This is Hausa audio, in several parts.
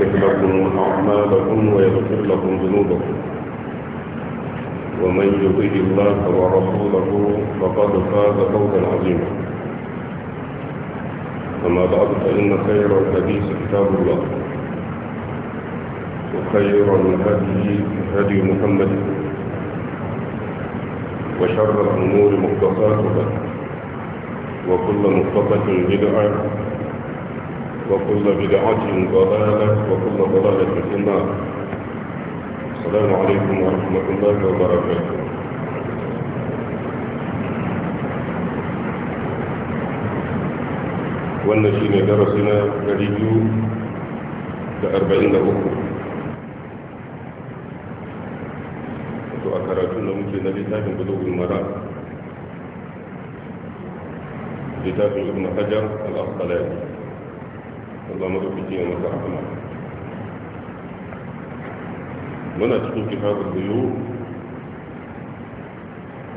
يصلح لكم أعمالكم ويغفر لكم ذنوبكم ومن يطيع الله ورسوله فقد فاز فوزا عظيما أما بعد فإن خير الحديث كتاب الله وخير الهدي هدي محمد وشر الأمور مقتصاتها وكل مقتصة بدعة وكل بدعة ضلالة وكل ضلالة في النار السلام عليكم ورحمة الله وبركاته والنشين درسنا نريد لأربعين أخرى وأكراتنا ممكن لتاب بلوغ المرأة لتاب ابن حجر الأصلاني Allah madaukaki ya maka rahama muna cikin kitabul buyu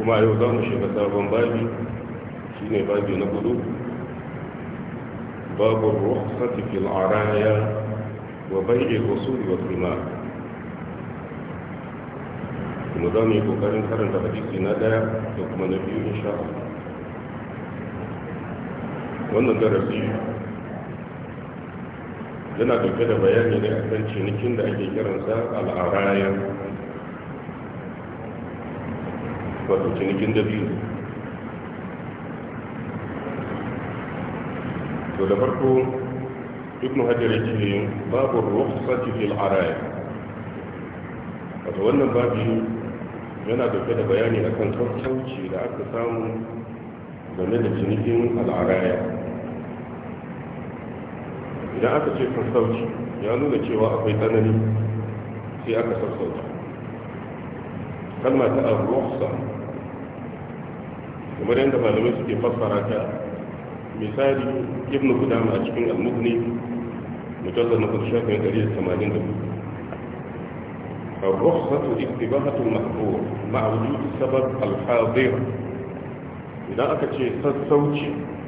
kuma yau za mu shiga sabon babi shine babi na gudu babu ruhsati fil araya wa bai'i rusuli wa thimar kuma za mu yi kokarin karanta hadisi na daya da kuma na biyu insha Allah wannan darasi yana dauke da bayani ne kan cinikin da ake kiransa al'araya wato cinikin da biyu to da farko ibn hajar yake babu rukhsati fil araya wato wannan babu yana dauke da bayani akan sauƙi da aka samu game da cinikin al'araya idan aka ce sassauci ya nuna cewa akwai tsanani sai aka sassauci kalma ta arruhsa kamar yadda malamai suke fassara ta misali ibn gudama a cikin al-mughni mujallad na kurshen 184 الرخصة اتباهة المحظور مع وجود السبب idan aka ce sassauci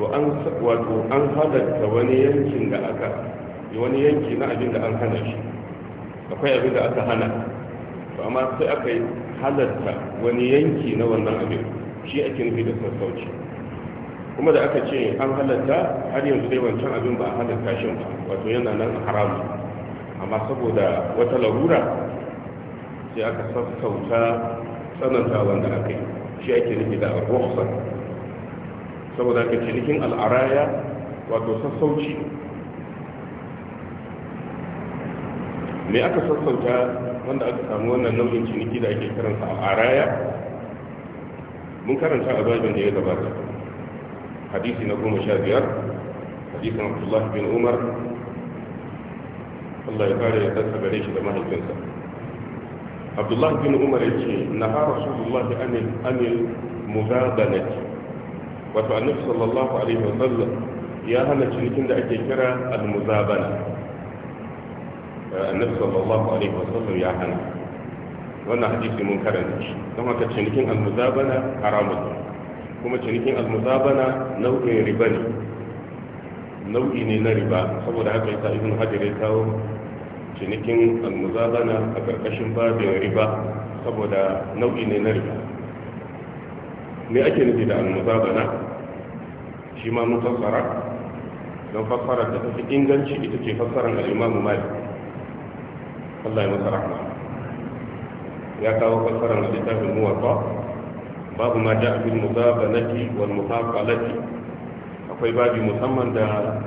to an wato an halatta wani yankin da aka wani yanki na abin da an hana shi akwai abin da aka hana to amma sai aka halatta wani yanki na wannan abin shi ake nufi da sassauci kuma da aka ce an halatta har yanzu dai wancan abin ba a halatta shi ba wato yana nan haramu amma saboda wata larura sai aka sassauta tsananta wanda aka yi shi ake nufi da rukhsar saboda ka cinikin al'araya wato sassauci me aka sassauta wanda aka samu wannan nau'in ciniki da ake karanta al'araya mun karanta a babin da ya gabata hadisi na goma sha biyar hadisin Abdullahi bin umar Allah ya kare ya tsaka gare shi da mahaifinsa Abdullahi bin umar ya ce na ha rasulullah anil anil muzabanati wato annabi sallallahu alaihi wasallam ya hana cinikin da ake kira almuzabana muzabana eh, annabi sallallahu alaihi wasallam ya hana wannan hadisi mun karanta shi don haka cinikin almuzabana muzabana haramun kuma cinikin almuzabana nau'in riba ne nau'i ne na riba saboda haka yasa ibn hajar ya kawo cinikin al-muzabana a karkashin babin riba saboda nau'i ne na riba me ake nufi da almuzabana shi ma mun fassara don fassara da tafi inganci ita ce fassaran al'imamu malik Allah ya masa rahma ya kawo fassaran littafin muwatta babu ma ja'a bil muzabanati wal mufaqalati akwai babi musamman da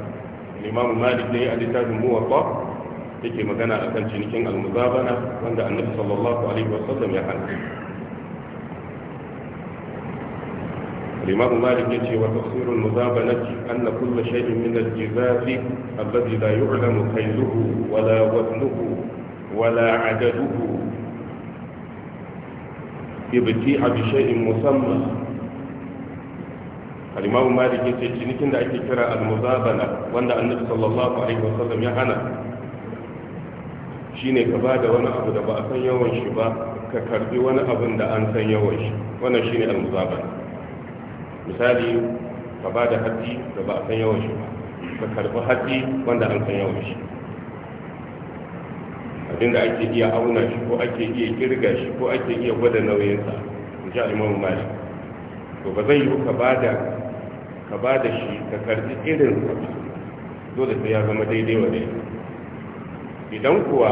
الإمام مالك لي الكتاب الموطأ yake magana akan cinikin almuzabana wanda annabi sallallahu alaihi wasallam ya hana الإمام مالك يجي وتفسير المزابنة أن كل شيء من الجزاز الذي لا يعلم كيله ولا وزنه ولا عدده ابتيع بشيء مسمى الإمام مالك يجي تشنكين دا أكي كرا المزابنة وأن النبي صلى الله عليه وسلم يعنى shine ka ba da wani abu da ba a san yawan shi ba ka karbi wani abin da an san yawan shi wannan shine al-muzabana misali ka ba da hatsi da ba a san yawan shi ba ka karbi hatsi wanda an san yawan shi abinda ake iya auna shi ko ake iya kirga shi ko ake iya gwada nauyinsa in sha imamu mali to ba zai yi ka ba da ka ba da shi ka karbi irin sa dole sai ya zama daidai wa daidai idan kuwa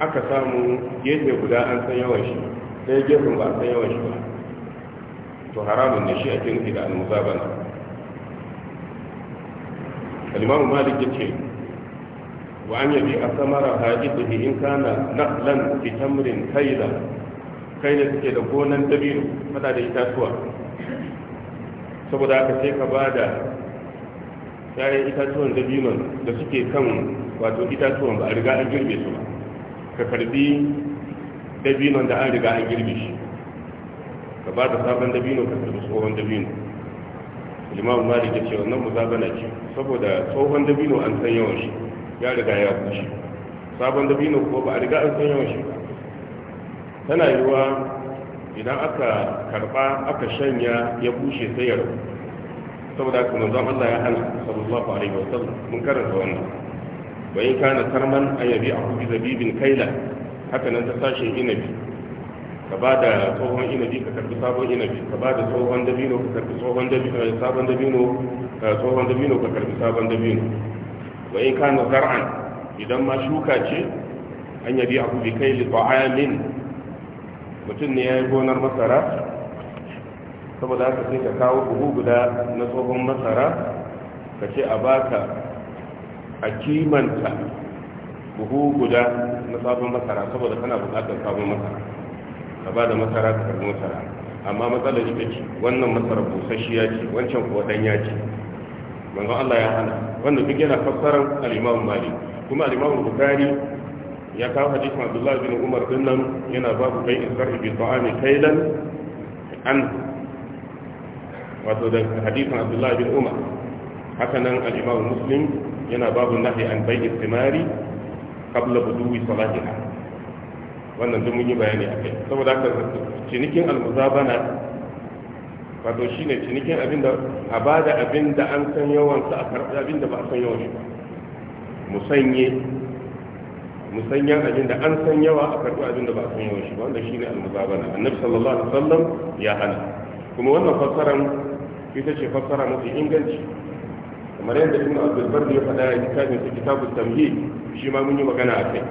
aka samu gefe guda an san yawan shi sai gefen ba a san yawan shi ba to haramun ne shi ake nufi da almuzabana alimamu malik ya ce wa an yabi a samara da in kana naklan fi tamrin kaila kai da suke da gonan dabino fada da itatuwa saboda aka sai ka ba da yayin itatuwan dabinon da suke kan wato itatuwan ba a riga an girbe su ba ka karbi dabinon da an riga an girbe shi ka ba da sabon dabino ka tsiri tsohon dabino limamu malik ya ce wannan muzabana ce saboda tsohon dabino an san yawan shi ya riga ya kuce sabon dabino ko ba a riga an san yawan shi ba tana yiwuwa idan aka karba aka shanya ya bushe sai ya rabu saboda kuma zan Allah ya hana sallallahu alaihi wa sallam mun karanta wannan bayan kana tarman ayabi a hudu zabibin kaila haka nan ta sashen inabi ka ba da tsohon inabi ka karbi sabon inabi ka ba da tsohon dabino ka karbi tsohon dabino eh, sabon dabino eh, tsohon dabino ka karbi sabon dabino wa in kana zar'an idan ma shuka ce an yabi abu bi kai li ta'amin mutum ne yayi gonar masara saboda haka sai ka kawo buhu guda na tsohon masara ka ce a baka a kimanta buhu guda na sabon masara saboda kana bukatar sabon masara ka ba da masara ka karbi masara amma matsalar ita ce wannan masara busasshiya ce wancan kuwa danya ce manzon Allah ya hana wannan duk yana fassarar al-Imam Malik kuma al-Imam Bukhari ya kawo hadisin Abdullah bin Umar din nan yana babu bai israr bi ta'ami kailan an wato da hadisin Abdullah bin Umar haka nan al-Imam Muslim yana babu nahi an bai istimari qabla buduwi salatiha wannan duk mun yi bayani a kai saboda haka cinikin almuzabana wato ne cinikin abin da a bada abin da an san yawansa a karɓi abin da ba a san yawan shi ba musanye musanyan abin da an san yawa a karɓi abin da ba a san yawan shi ba wanda shine almuzabana annabi sallallahu alaihi wasallam ya hana kuma wannan fassaran ita ce fassara mafi inganci kamar yadda ibn abdul barri ya faɗa a kitabin kitabut tamhid shi ma mun yi magana a kai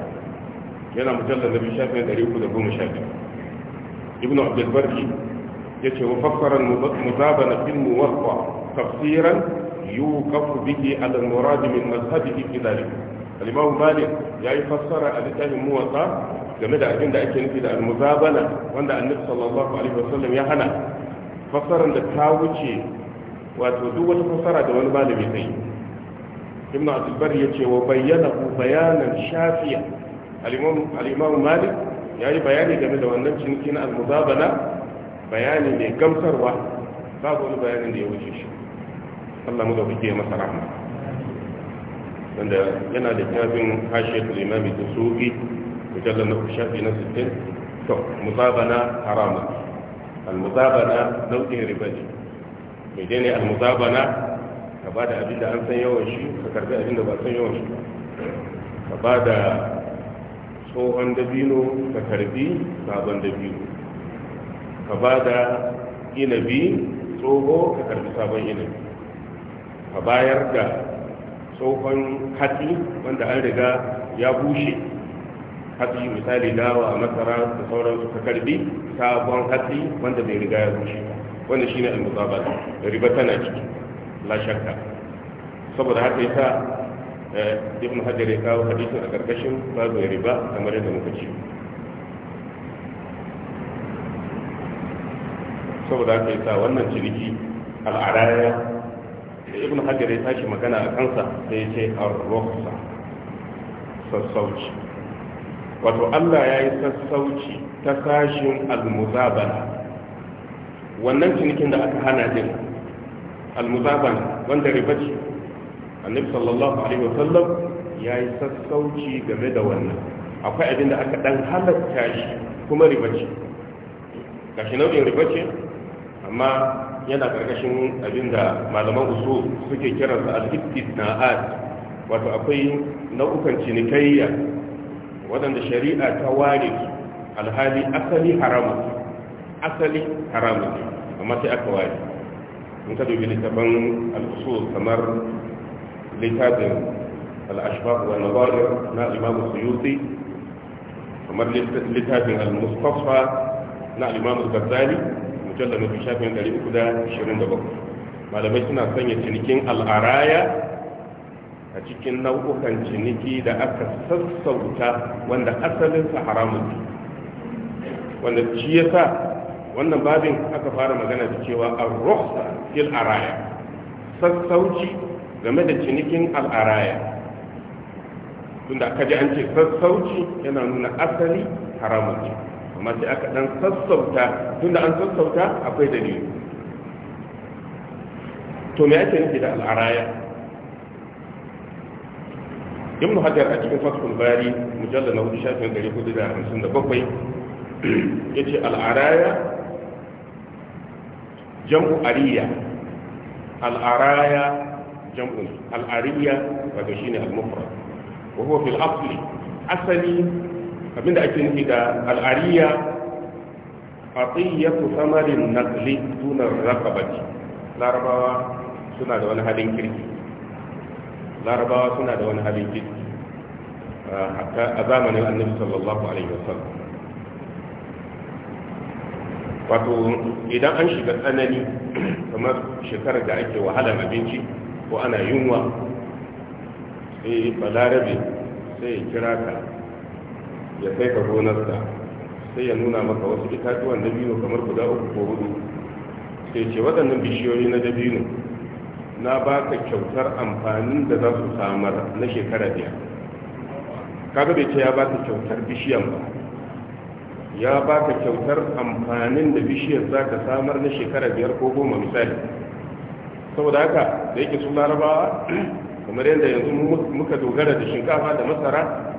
yana mujallar da bishafin 312 ibn abdulbarki ya ce wa fassarar muzabana fil muwaffa tafsiran yuqafu bihi ala al-murad min mazhabihi fi dhalik al-imam malik yayi fassara a littafin muwatta game da abin da ake nufi da al-muzabana wanda annabi sallallahu alaihi wasallam ya hana fassarar da ta wuce wato duk wata fassara da wani malami sai ibn abdulbar ya ce wa bayyana bayanan shafiya al'imamu malik ya yi bayani game da wannan ciniki na al almuzabana bayani mai gamsarwa babu wani bayanin da ya wuce shi Allah mu da kuke masa rahama wanda yana da kyafin hashiyar limami da sufi mujallar na kushafi na sittin, to muzabana haramun almuzabana nau'in riba ne mai dai ne almuzabana ka ba da abin da an san yawan shi ka karbi abin da ba san yawan shi ba ka ba da tsohon dabino ka karbi sabon dabino ka ba da inabi tsoho ka karbi sabon inabi ka bayar da tsohon hatsi wanda an riga ya bushe hatsi misali dawa a masara da sauransu ka karbi sabon hatsi wanda bai riga ya bushe wanda shine al Da riba tana ciki la shakka saboda haka yasa Eh, ibn hajar ya kawo hadisin a karkashin babu riba kamar yadda muka ce saboda aka yi sa wannan ciniki al'araya da ibn hajar ya tashi magana a kansa sai ce arrohsa sassauci wato allah ya yi sassauci ta sashin almuzaban. wannan cinikin da aka hana din almuzaban wanda riba ce annabi sallallahu alaihi wasallam ya yi sassauci game da wannan akwai abin da aka dan halatta shi kuma ribace gashi nau'in ribace amma yana karkashin abin da malaman usul suke kiransa al-ibtisna'at wato akwai nau'ukan cinikayya waɗanda shari'a ta ware alhali asali haramu asali haramu amma sai aka ware in ka dubi littafin al-usul kamar littafin al'ashbab wa nazarir na imamu suyuti kamar littafin al-mustafa na imamu gazzali mujallar mafi shafin 327 malamai suna sanya cinikin al'araya a cikin nau'ukan ciniki da aka sassauta wanda asalinsa haramun wanda shi ya sa wannan babin aka fara magana da cewa a rohsa fil araya sassauci game da cinikin al'araya tunda aka ji an ce sassauci yana nuna asali haramun ce amma sai aka dan sassauta tunda an sassauta akwai dalili to me ake nufi da al'araya ibn hajar a cikin fatul bari mujallar na hudu shafin ɗari hudu da hamsin da bakwai ya ce al'araya jam'u ariya al'araya jam'un al'ariya wato shine al-mufrad wa huwa fil asli asali abinda ake nufi da al'ariya atiyatu samarin naqli duna raqabati larabawa suna da wani halin kirki larabawa suna da wani halin kirki a zamanin alaihi wato idan an shiga tsanani kamar shekarar da ake wahalar abinci ko ana yunwa sai balarabe sai ya kira ka ya kai ka gonarsa sai ya nuna maka wasu itatuwan dabino kamar guda uku ko hudu sai ce waɗannan bishiyoyi na dabino na ba ka kyautar amfanin da za su samar na shekara biyar kaga bai ce ya ba ka kyautar bishiyan ba ya ba ka kyautar amfanin da bishiyar za ka samar na shekara biyar ko goma misali saboda haka da yake sun larabawa kamar yadda yanzu muka dogara da shinkafa da masara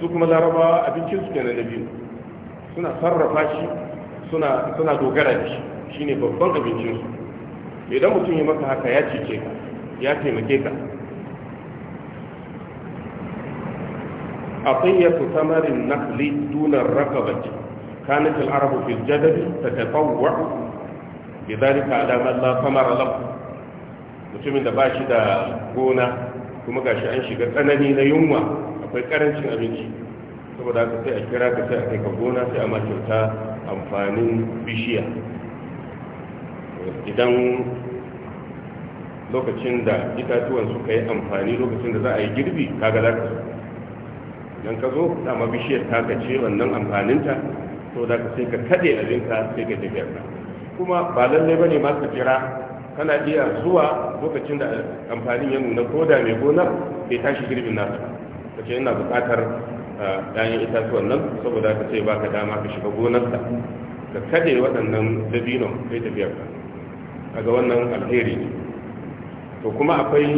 su kuma larabawa abincin su kenan da biyu suna sarrafa shi suna dogara da shi shine babban abincin su idan mutum ya maka haka ya cece ka ya taimake ka عطية ثمر النخل دون الرقبة كانت العرب في الجدل تتطوع بذلك على من لا ثمر له mutumin da ba shi da gona kuma gashi an shiga tsanani na yunwa akwai karancin abinci saboda haka sai a kira ka sai a kai ka gona sai a makyauta amfanin bishiya idan lokacin da itatuwan suka yi amfani lokacin da za a yi girbi ga za ka zo idan ka zo dama bishiyar ta ce wannan amfaninta saboda haka sai ka kaɗe abinka sai ka tafiyar ka kuma ba lallai ba ne ma ka jira kana iya zuwa lokacin da amfanin ya nuna ko da mai gonar bai tashi girbin nasa ka ce yana buƙatar ɗayan itatuwan nan saboda ka ce ba ka dama ka shiga gonarsa ka kaɗe waɗannan dabino kai tafiyar ka kaga wannan alheri ne to kuma akwai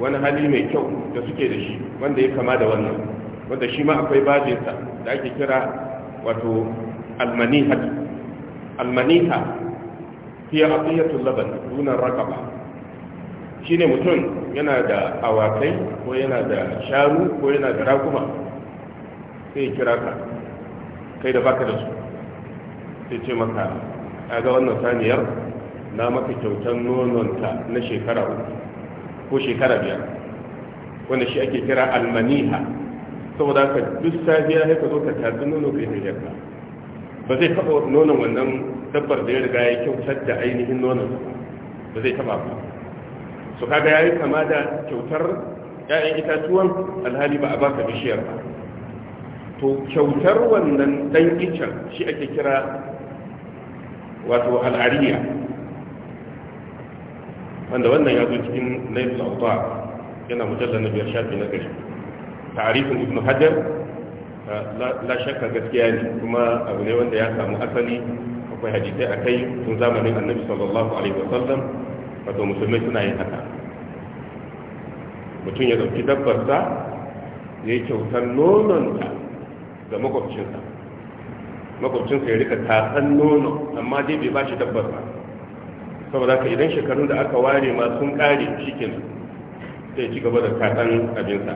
wani hali mai kyau da suke da shi wanda ya kama da wannan wanda shi ma akwai bajinsa da ake kira wato almaniha almaniha hiya aqiyatul laban duna Shi ne mutum yana da awakai ko yana da shanu ko yana da raguma sai kira ka kai da baka da su sai ce maka ga wannan saniyar na maka kyautar nononta na shekara uku ko shekara biyar wanda shi ake kira almaniha saboda ka duk safiya sai ka zo ka tatsi nono kai da yarka ba zai taɓa nonon wannan dabbar da ya riga ya kyautar da ainihin nonon da zai taba ba su kaga ya yi kama da kyautar 'ya'yan itatuwan alhali ba a baka bishiyar ba to kyautar wannan dan icen shi ake kira wato al'ariya wanda wannan ya zo cikin nail sauta yana mujallar na biyar shafi na gari ta'arifin ibn hajar la shakka gaskiya ne kuma abu ne wanda ya samu asali akwai hadisai a kai tun zamanin annabi sallallahu alaihi wasallam wato musulmai suna yin haka mutum ya dauki dabbarsa ya yi kyautar nononta ga makwabcinsa makwabcinsa ya rika tatsan nono amma dai bai ba shi dabbar ba saboda ka idan shekarun da aka ware ma sun kare shikin sai ci gaba da tatsan abinsa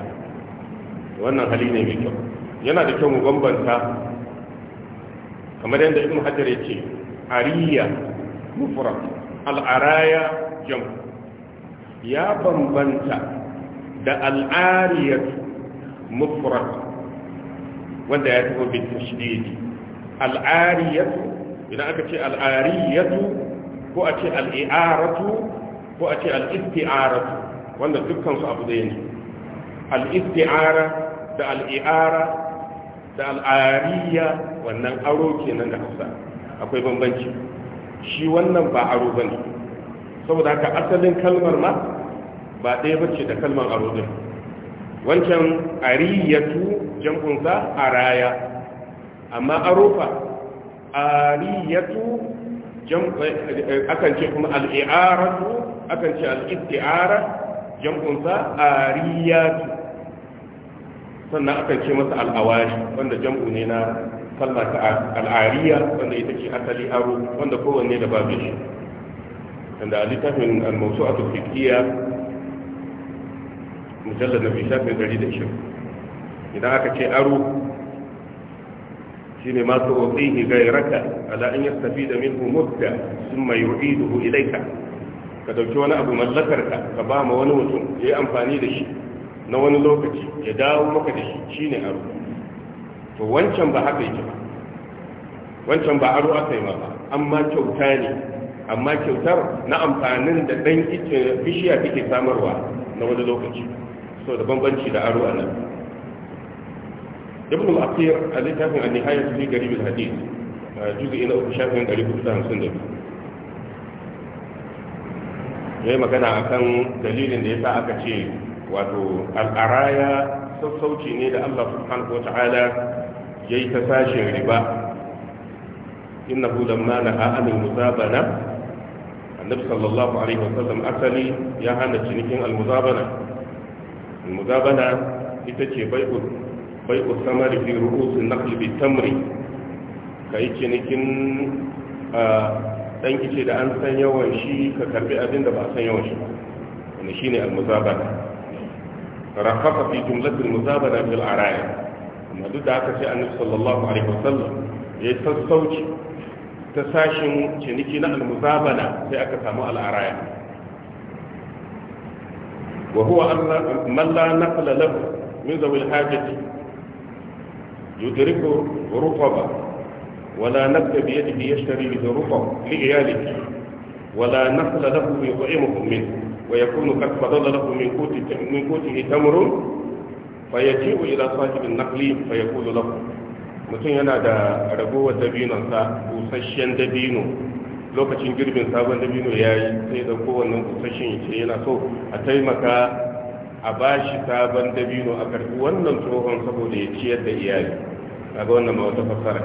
wannan hali ne mai kyau yana da kyau mu bambanta kamar yadda ibn hajar ya ce ariya mufrad al'araya jam ya bambanta da al'ariyatu mufrad wanda ya taɓa bin tashdidi al'ariyatu idan aka ce al'ariyatu ko a ce al'i'aratu ko a ce al'isti'aratu wanda dukkansu abu zai ne al'isti'ara da al'i'ara da al'ariya wannan aro kenan da hausa akwai bambanci shi wannan ba aro bane saboda haka asalin kalmar ma ba ɗaya bace da kalmar aro din wancan ariyatu jam'un sa araya amma arofa ariyatu eh, akan ce kuma al'i'aratu akan ce al'ibti'ara jam'un sa ariyatu sannan akan ce masa al'awari wanda jam'u ne na kalma ta al'ariya wanda ita ce asali aro wanda kowanne da babu shi wanda a littafin almasu a tafiya mujallar na bishafin shi. idan aka ce aro shi ne masu otsihi gairaka ala an yi tafi da min umurka sun mai yu'iduhu ilaika ka dauki wani abu mallakarka ka ba ma wani mutum ya yi amfani da shi na wani lokaci ya dawo maka da shi shine aro to wancan ba haka yake ba wancan ba aro aka yi ba amma kyauta ne amma kyautar na amfanin da ɗan bishiya take samarwa na wani lokaci so da bambanci da aro a nan ibn al-aqir a littafin an-nihaya fi garib al-hadith juz'i na al shafin 452 yayi magana akan dalilin da yasa aka ce wato al-araya sassauci ne da Allah subhanahu wa ta'ala ya yi ta sashen riba inna hu lamma na ha'anin muzabana annabi sallallahu alaihi wasallam asali ya hana cinikin almuzabana almuzabana ita ce bai'u bai'u samari fi ru'usin naqli bi tamri kai cinikin dan kice da an san yawan shi ka karbi abin da ba san yawan shi ba shine almuzabana rafaqa fi jumlatil muzabana fil araya amma duk da aka ce annabi sallallahu alaihi wasallam ya sassauci ta sashin ciniki na almuzabana sai aka samu al'araya wa huwa man la naqla lahu min zawil hajati yudriku rutaba ولا نقل بيده يشتري به رطب لعياله ولا نقل له يطعمهم منه ويكون قد فضل له من قوته تمر fa yaji'u ila sahibin naqli fa lahu mutum yana da ragowar dabinonsa busasshen dabino lokacin girbin sabon dabino ya yi, sai da kowanne busasshen ce. yana so a taimaka a bashi sabon dabino a karfi wannan tsohon saboda ya ciyar da iyali kaga wannan ma wata fassara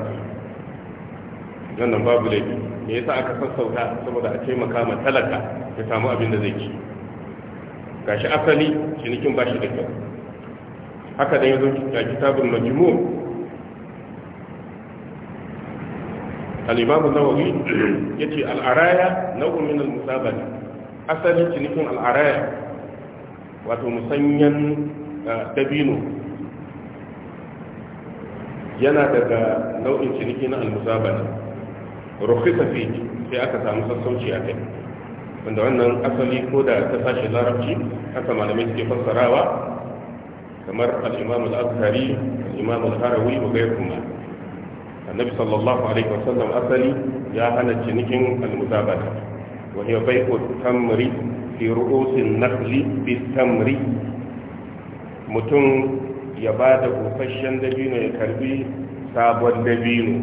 ce babu laifi me yasa aka sassauta saboda a taimaka ma talaka ya samu abin da zai ci gashi asali cinikin bashi da kyau haka da ya zo a kitabun majmu al-imam an-nawawi yace al-araya nau'un min al-musabaqa asali cinikin al'araya, wato musanyan eh, dabino yana daga nau'in ciniki na al-musabaqa rukhisa fi sai aka samu sassauci a kai wanda wannan asali ko da ta sashi larabci haka malamai suke fassarawa كمر الإمام الأزهري الإمام الهروي وغيرهما النبي صلى الله عليه وسلم أسلي يا أنا جنجن المتابعة وهي بيع التمر في رؤوس النخل بالتمر متون يبادة فشن دبينو يكربي سابوان دبينو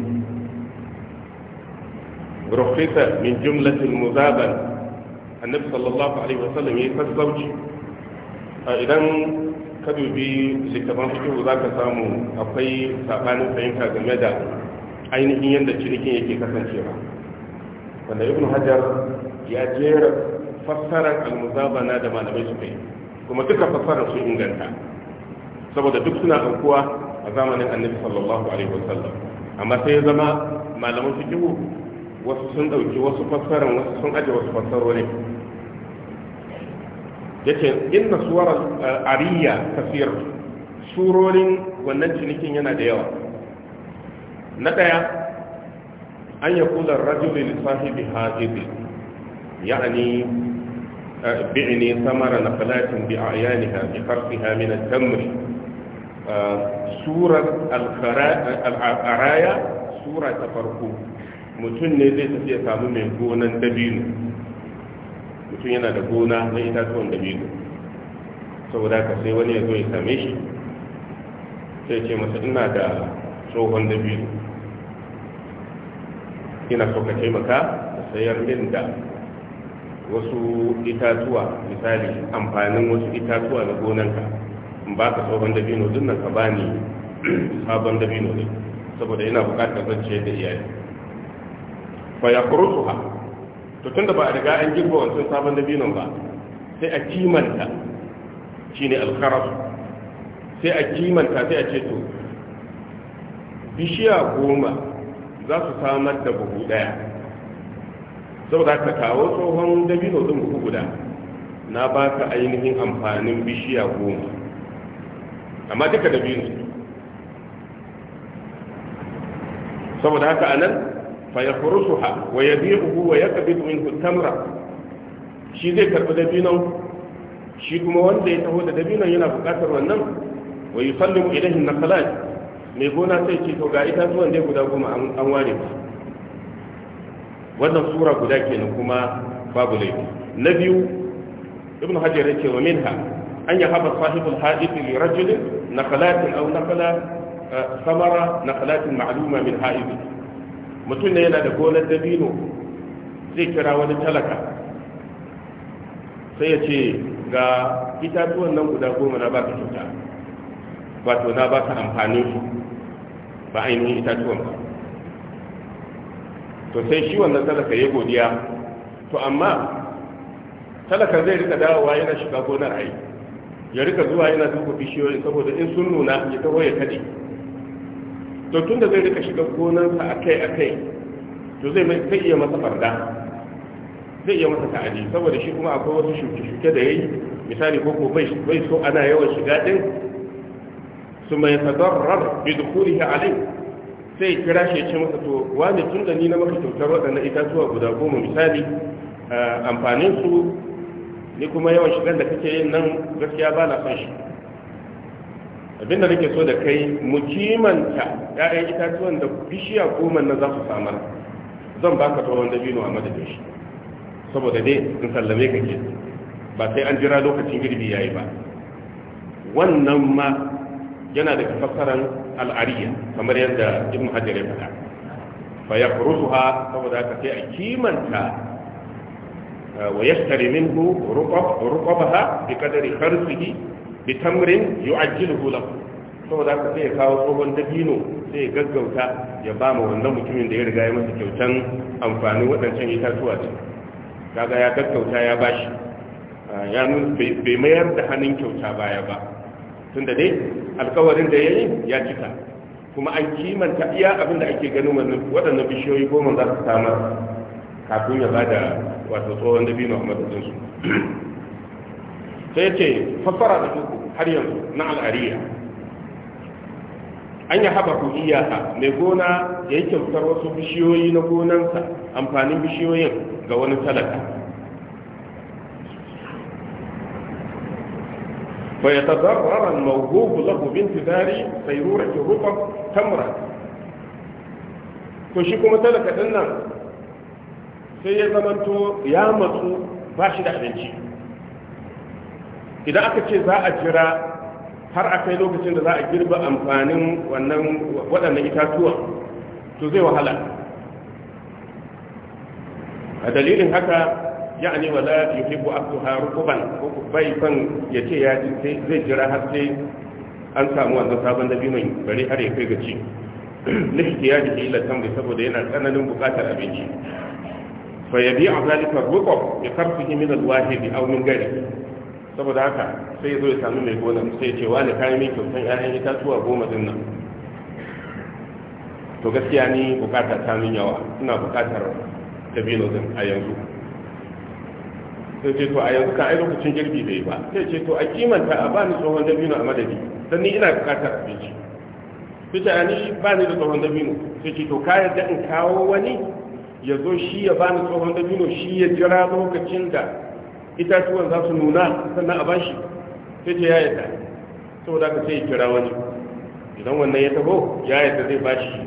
رخصة من جملة المذابة النبي صلى الله عليه وسلم يفصل إذا ka dubi littafin fikihu za ka samu akwai saɓanin fahimta game da ainihin yadda cinikin yake kasancewa wanda ibn hajar ya jera fassarar almuzabana da malamai su kai kuma duka fassarar sun inganta saboda duk suna aukuwa a zamanin annabi sallallahu alaihi wasallam amma sai ya zama malaman fikihu wasu sun ɗauki wasu fassarar wasu sun aje wasu fassarori yace inna suwar ariya kasir surorin wannan cinikin yana da yawa na daya an ya kula rajulil sahibi hajidi ya'ani bi'ni samara nafalatin bi ayaniha bi farfiha min at-tamr surar al-araya sura ta farko mutum ne zai tafiya samu mai gonan dabino mutum yana da gona na itatuwan dabino saboda ka sai wani ya zo ya same shi sai ce masa ina da tsohon dabino ina so ka taimaka ka sayar min da wasu itatuwa misali amfanin wasu itatuwa na gonanka in ba ka tsohon dabino din na ka ba ni sabon dabino ne saboda yana bukatar zance da iyali fa ya ha to tunda ba a riga an girba wancan sabon dabinon ba sai a kimanta shi ne alkharas sai a kimanta sai a ce to bishiya goma za su samar da buhu daya saboda ka kawo tsohon dabino din buhu guda na ba ka ainihin amfanin bishiya goma amma duka dabino saboda haka anan fa yahrusuha wa yabi'uhu wa yaqbidu minhu tamra shi zai karbi dabinon shi kuma wanda ya taho da dabinon yana bukatar wannan wa yusallimu ilayhi naqalat mai gona sai ce to ga itatuwan guda goma an ware ku wannan sura guda kenan kuma babu laifi na biyu ibnu hajar yake wa minha an yahaba sahibul hadith li rajulin naqalatin aw naqala ثمرة نقلات معلومة من هائبه mutum ne yana da gonar dabino zai kira wani talaka sai ya ce ga itatuwan nan guda goma na baka ba to na baka amfanin su ba ainihin itatuwan ba to sai shi wannan talaka ya godiya to amma talaka zai rika dawowa yana shiga gonar ai ya rika zuwa yana duka bishiyoyi saboda in sun nuna ya taho ya kaɗe to tun da zai rika shiga gonansa akai-akai to zai iya masa farda zai iya masa ta'adi saboda shi kuma akwai wasu shuke-shuke da yayi misali ko ko bai so ana yawan shiga din su mai tadarrar bi dukuri alai sai kira shi ce masa to wani tun da ni na maka kyautar waɗannan itatuwa guda goma misali eh, amfanin su ni kuma yawan shigar da kake yin nan gaskiya ba na san shi abinda nake so da kai mu kimanta ƴaƴan itatuwan da bishiya goma na za su samar zan baka tsoron dabino a madadin shi saboda dai in sallame ka ke ba sai an jira lokacin girbi yayi ba wannan ma yana daga fassaran al'ariya kamar yadda ibn hajar ya faɗa fa ya saboda haka sai a kimanta eh, wa yashtari minhu ruqab ruqabaha bi qadari kharsihi bi tamrin yu'ajjiluhu lahu saboda haka sai ya kawo tsohon dabino sai ya gaggauta ya ba mu wannan mutumin da ya riga ya masa kyautan amfanin waɗancan itatuwa ce kaga ya gaggauta ya bashi ah, ya nun bai mayar da hannun kyauta baya ba tunda dai alkawarin da ya yi ya cika kuma an kimanta iya abin da ake ganin waɗannan bishiyoyi goma za su samar kafin ya ba da wato tsohon dabino a su sai ce fassara da uku har yanzu na al'ariya an yi haɓa ku iyaka mai gona ya yi kyautar wasu bishiyoyi na gonansa amfanin bishiyoyin ga wani talaka bai ya tazarar mawugu lahu bin sai rura ki rufa tamra to shi kuma talaka ɗin nan sai ya zamanto ya matsu ba shi da abinci idan aka ce za a jira har a kai lokacin da za a girba amfanin waɗannan itatuwa to zai wahala a dalilin haka ya'ani wala yuhibbu aktuha rukuban ko bai ya yace ya zai jira har sai an samu wannan sabon dabi mai gari har ya kai ga ci na ya jiki ila tamri saboda yana tsananin bukatar abinci fa a zalika ruqab ya karfihi min al-wahid aw min saboda haka sai ya zo ya sami mai gonan sai ya ce wani kayan min kyautan 'ya'yan itatuwa goma din nan to gaskiya ni bukata ta min yawa ina bukatar dabino din a yanzu sai ce to a yanzu kan ai lokacin girbi bai ba sai ce to a kimanta a bani tsohon dabino a madadi dan ni ina bukatar abinci sai ce ni bani da tsohon dabino sai ce to ka yadda in kawo wani ya zo shi ya bani tsohon dabino shi ya jira lokacin da itatuwan za su nuna sannan a bashi sai ce ya sau saboda ka sai kira wani idan wannan ya taho ya yadda zai bashi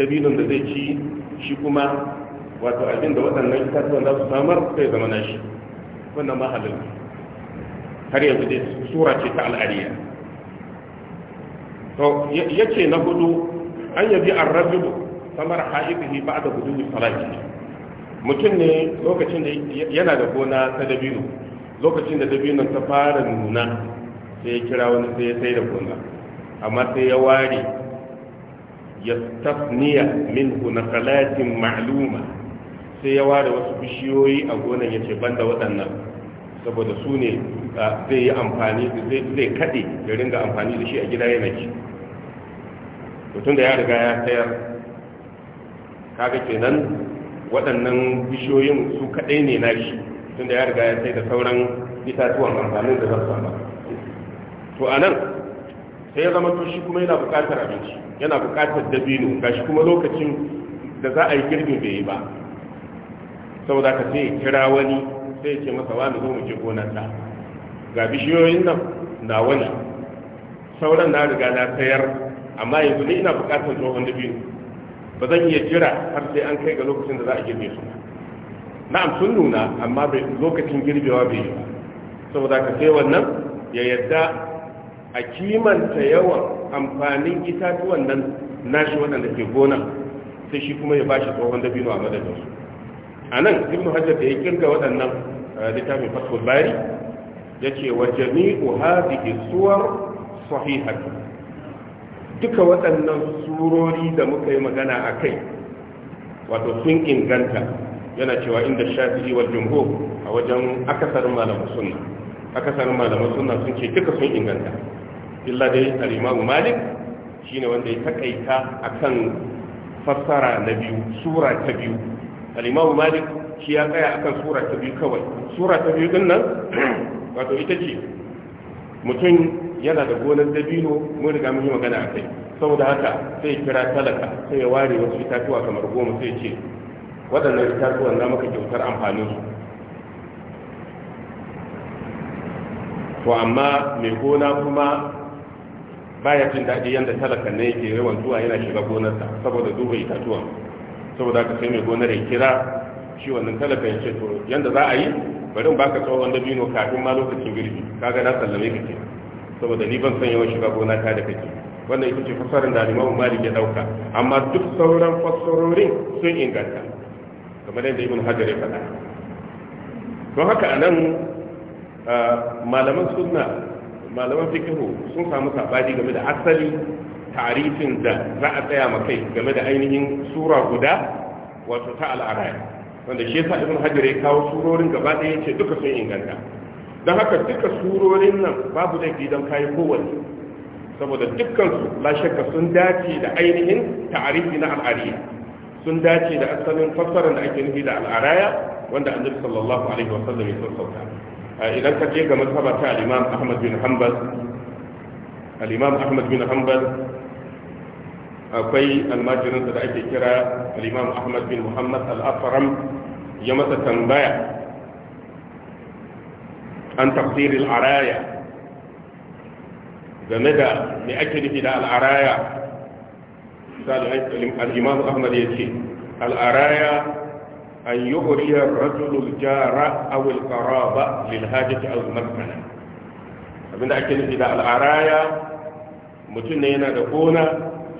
dabinon da zai ci shi kuma wato abin da waɗannan itatuwan za su samar sai zama shi. wannan ma halal har yanzu dai sura ce ta al'ariya to yace na hudu an yabi ar-rajul samar haibihi ba'da hududi salati mutum ne lokacin da yana da gona ta dabino lokacin da dabino ta fara nuna sai ya kira wani sai ya sai da gona amma sai ya ware ya tafniya min kalatin ma'aluma sai ya ware wasu bishiyoyi a gonan ya ce banda waɗannan saboda su ne zai yi amfani zai kaɗe ya ringa amfani da shi a gida yana ci mutum da ya riga ya sayar kaga kenan waɗannan bishiyoyin su kaɗai ne na shi tunda ya riga ya sai da sauran itatuwan amfanin da zan samu to a nan sai ya zama to shi kuma yana buƙatar abinci yana buƙatar dabino ga shi kuma lokacin da za a yi girbin bai yi ba saboda ka sai kira wani sai ya ce masa wani zo mu je ta ga bishiyoyin nan na wani sauran na riga na sayar amma yanzu ne ina buƙatar tsohon dabino ba zan iya jira har sai an kai ga lokacin da za a girbe su na'am sun nuna amma lokacin girbewa bai yi saboda ka sai wannan ya yadda a kimanta yawan amfanin itatuwan nan nashi waɗanda ke gona sai shi kuma ya ba shi tsohon dabino a madadinsu a nan ibn hajjar da ya kirga waɗannan eh, littafin fasfur bari ya ce wa jami'u hadhihi suwar sahihatu duka waɗannan surori da muka yi magana a kai wato sun inganta yana cewa inda shafi'i wa jumhur a wajen akasarin malamin suna, akasarin malamin suna sun ce duka sun inganta illa dai a rimamu malik ne wanda ya takaita kan fassara na biyu sura ta biyu a rimamu malik shi ya tsaya kan sura ta biyu kawai sura ta biyu din nan wato ita ce mutum yana da gonar dabino mun riga mun yi magana a kai saboda haka sai kira talaka sai ya ware wasu itatuwa kamar goma sai ce waɗannan itatuwan na maka kyautar amfanin su to amma mai gona kuma baya jin daɗi yadda talaka ne yake yawan zuwa yana shiga gonarsa saboda duba itatuwan saboda haka sai mai gonar ya kira shi wannan talaka ya ce to yadda za a yi bari ba ka tsohon dabino kafin ma lokacin girbi kaga na sallame ka kenan saboda ni ban san yawan shiga gona ta da kake wannan ita ce fasarar da Imam Malik ya dauka amma duk sauran fasarorin sun inganta kamar yadda Ibn Hajar ya faɗa don haka anan malaman sunna malaman fiqh sun samu sabadi game da asali tarihin da za a tsaya ma kai game da ainihin sura guda wato ta al wanda shi yasa Ibn Hajar ya kawo surorin gaba ɗaya yace duka sun inganta don haka duka surorin nan babu laifi don kayi kowanne saboda dukkansu la shakka sun dace da ainihin ta'arifi na al'ariya sun dace da asalin fassarar da ake nufi da al'araya wanda annabi sallallahu alaihi wa sallam ya sassauta idan ka je ga masaba ta al ahmad bin hanbal al ahmad bin hanbal akwai almajirinsa da ake kira al ahmad bin muhammad al ya masa tambaya an tafsirin araya game da mai ake nufi da al'araya al'imamu ahmad ya ce al'araya an yi horiyar rajulul jara awil qaraba lil hajjati aw makana abinda ake nufi da al'araya mutum ne yana da gona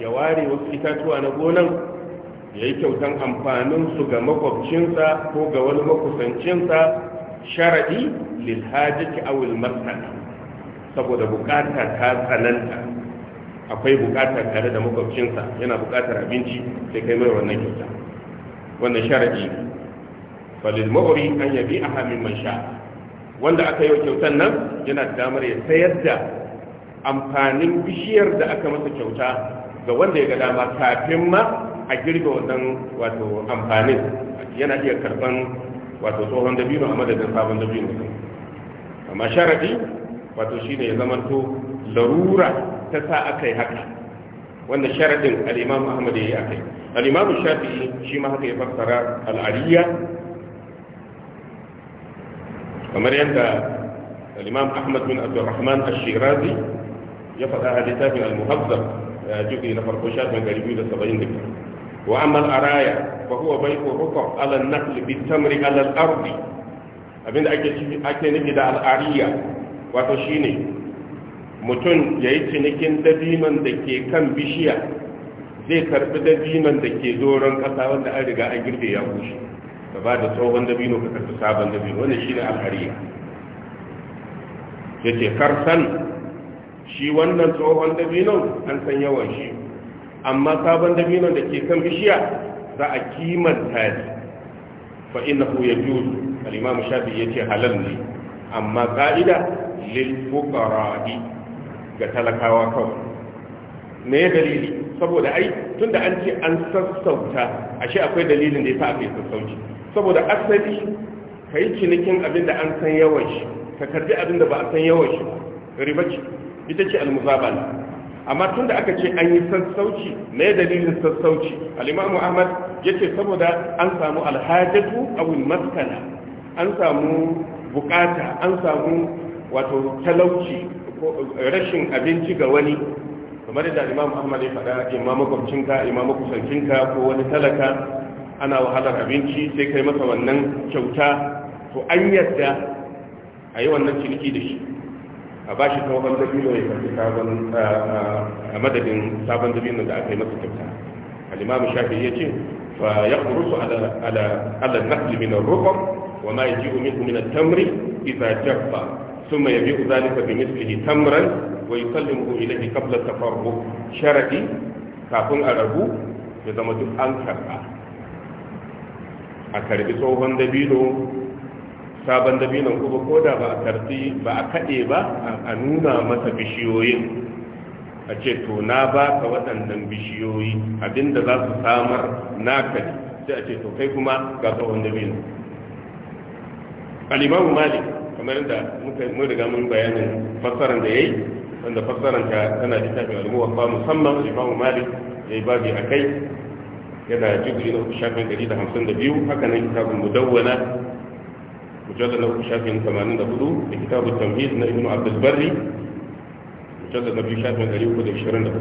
ya ware wasu itatuwa na gonan ya yi kyautan amfaninsu ga makwabcinsa ko ga wani makusancinsa sharadi lil hajati aw al saboda bukata ta tsananta akwai bukata tare da makwabcinsa yana bukatar abinci sai kai mai wannan kyauta wannan sharadi lil mu'ri an yabi a min man sha wanda aka yi wa kyautan nan yana da damar ya sayar da amfanin bishiyar da aka masa kyauta ga wanda ya ga dama kafin ma a girbe wannan wato amfanin yana iya karban wato tsohon dabino a madadin sabon dabino amma sharadi wato shine ya zamanto larura ta sa aka yi haka wanda sharadin al'imam ahmad ya yi aka yi al'imam shafi'i shi ma haka ya fassara al'ariya kamar yadda bin أحمد بن عبد الرحمن الشيرازي يفضل حديثات al المهذب جزء نفر قشات من قريبين لسبعين ذكر وأما الأرايا wa huwa bai'u rukum ala an-naql bit Abin da al-ardi abinda ake ci da al'ariya wato shine mutum ya yi cinikin dabiman da ke kan bishiya zai karbi dabiman da ke zoron kasa wanda an riga an girbe ya bushe ka ba da tsohon dabino ka karbi sabon dabino wannan shine al'ariya Ya yace karsan shi wannan tsohon dabinon an san yawan shi amma sabon dabinon da ke kan bishiya za a kimanta ne fa ina ku ya al alimamu shafi ya ce halal ne amma ka'ida lil fuqara'i ga talakawa kawai ya dalili saboda ai da an ce an sassauta ashe akwai dalilin da sa aka yi sassauci saboda asali ka yi cinikin abin da an san yawan shi ka karbi abin da ba a san yawan shi riba ce ita ce al amma tunda aka ce an yi sassauci na ya dalilin sassauci alimamu Ahmad ya ce saboda an samu alhajatu a aw maskana an samu bukata an samu wato talauci ko rashin abinci ga wani kamar da alimamu ahmad ya faɗa imam makwabcinka imam kusancinka ko wani talaka ana wahalar abinci sai kai masa wannan kyauta to an yadda a yi wannan ciniki da shi a ba shi sabon dabino ya karbi sabon a madadin sabon dabino da aka yi masa kyauta al shafi ya ce fa ya kurusu ala ala nakli min ar-ruqab wa ma yaji'u minhu min at-tamri idha jaffa thumma yabi'u dhalika bi mithlihi tamran wa yusallimuhu ilayhi ta tafarruq sharadi kafin a rabu ya zama duk an karba a karɓi tsohon dabino sabon dabinon kuma ko da ba a karfi ba a kaɗe ba a nuna masa bishiyoyin a ce to na ba ka waɗannan bishiyoyi abinda za su samar na ne sai a ce to kai kuma ga tsawon dabinan. alimamu malik kamar da muka riga mun bayanin fassarar da ya yi wanda fassarar ta tana littafin al'uwa musamman alimamu malik ya yi babi a kai yana jirgin shafin 152 haka nan kitabun mudawwana mujallar na shafin 84 da kitabu tamhid na ibnu abdul barri mujallar na biyu shafin 324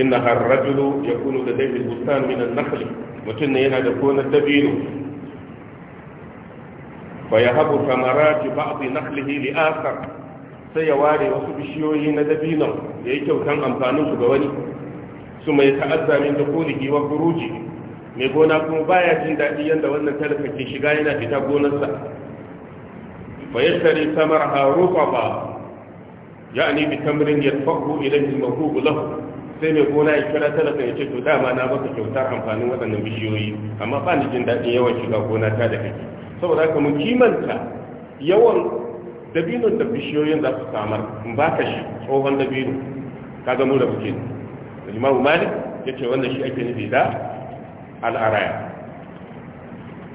inna har rajulu ya kunu da daifin bustan min al mutum ne yana da kona dabino fa ya habu samarati ba'd nakhlihi li akhar sai ya ware wasu bishiyoyi na dabino da ya kyautan ga wani su mai ta'azzamin da kolihi wa mai gona kuma baya jin daɗi yadda wannan talaka ke shiga yana fita gonarsa fa yashtari samarha rufaba ya'ni bi tamrin yadfahu ilayhi al-mawqub lahu sai mai gona ya kira talaka ya ce to dama na baka kyautar amfanin waɗannan bishiyoyi amma ba ni jin daɗin yawan shiga gona ta da kake saboda haka mun kimanta yawan dabinon da bishiyoyin za su samar in ba ka shi tsohon dabino ka ga mu da muke Imam Malik yace wannan shi ake nufi da al'araya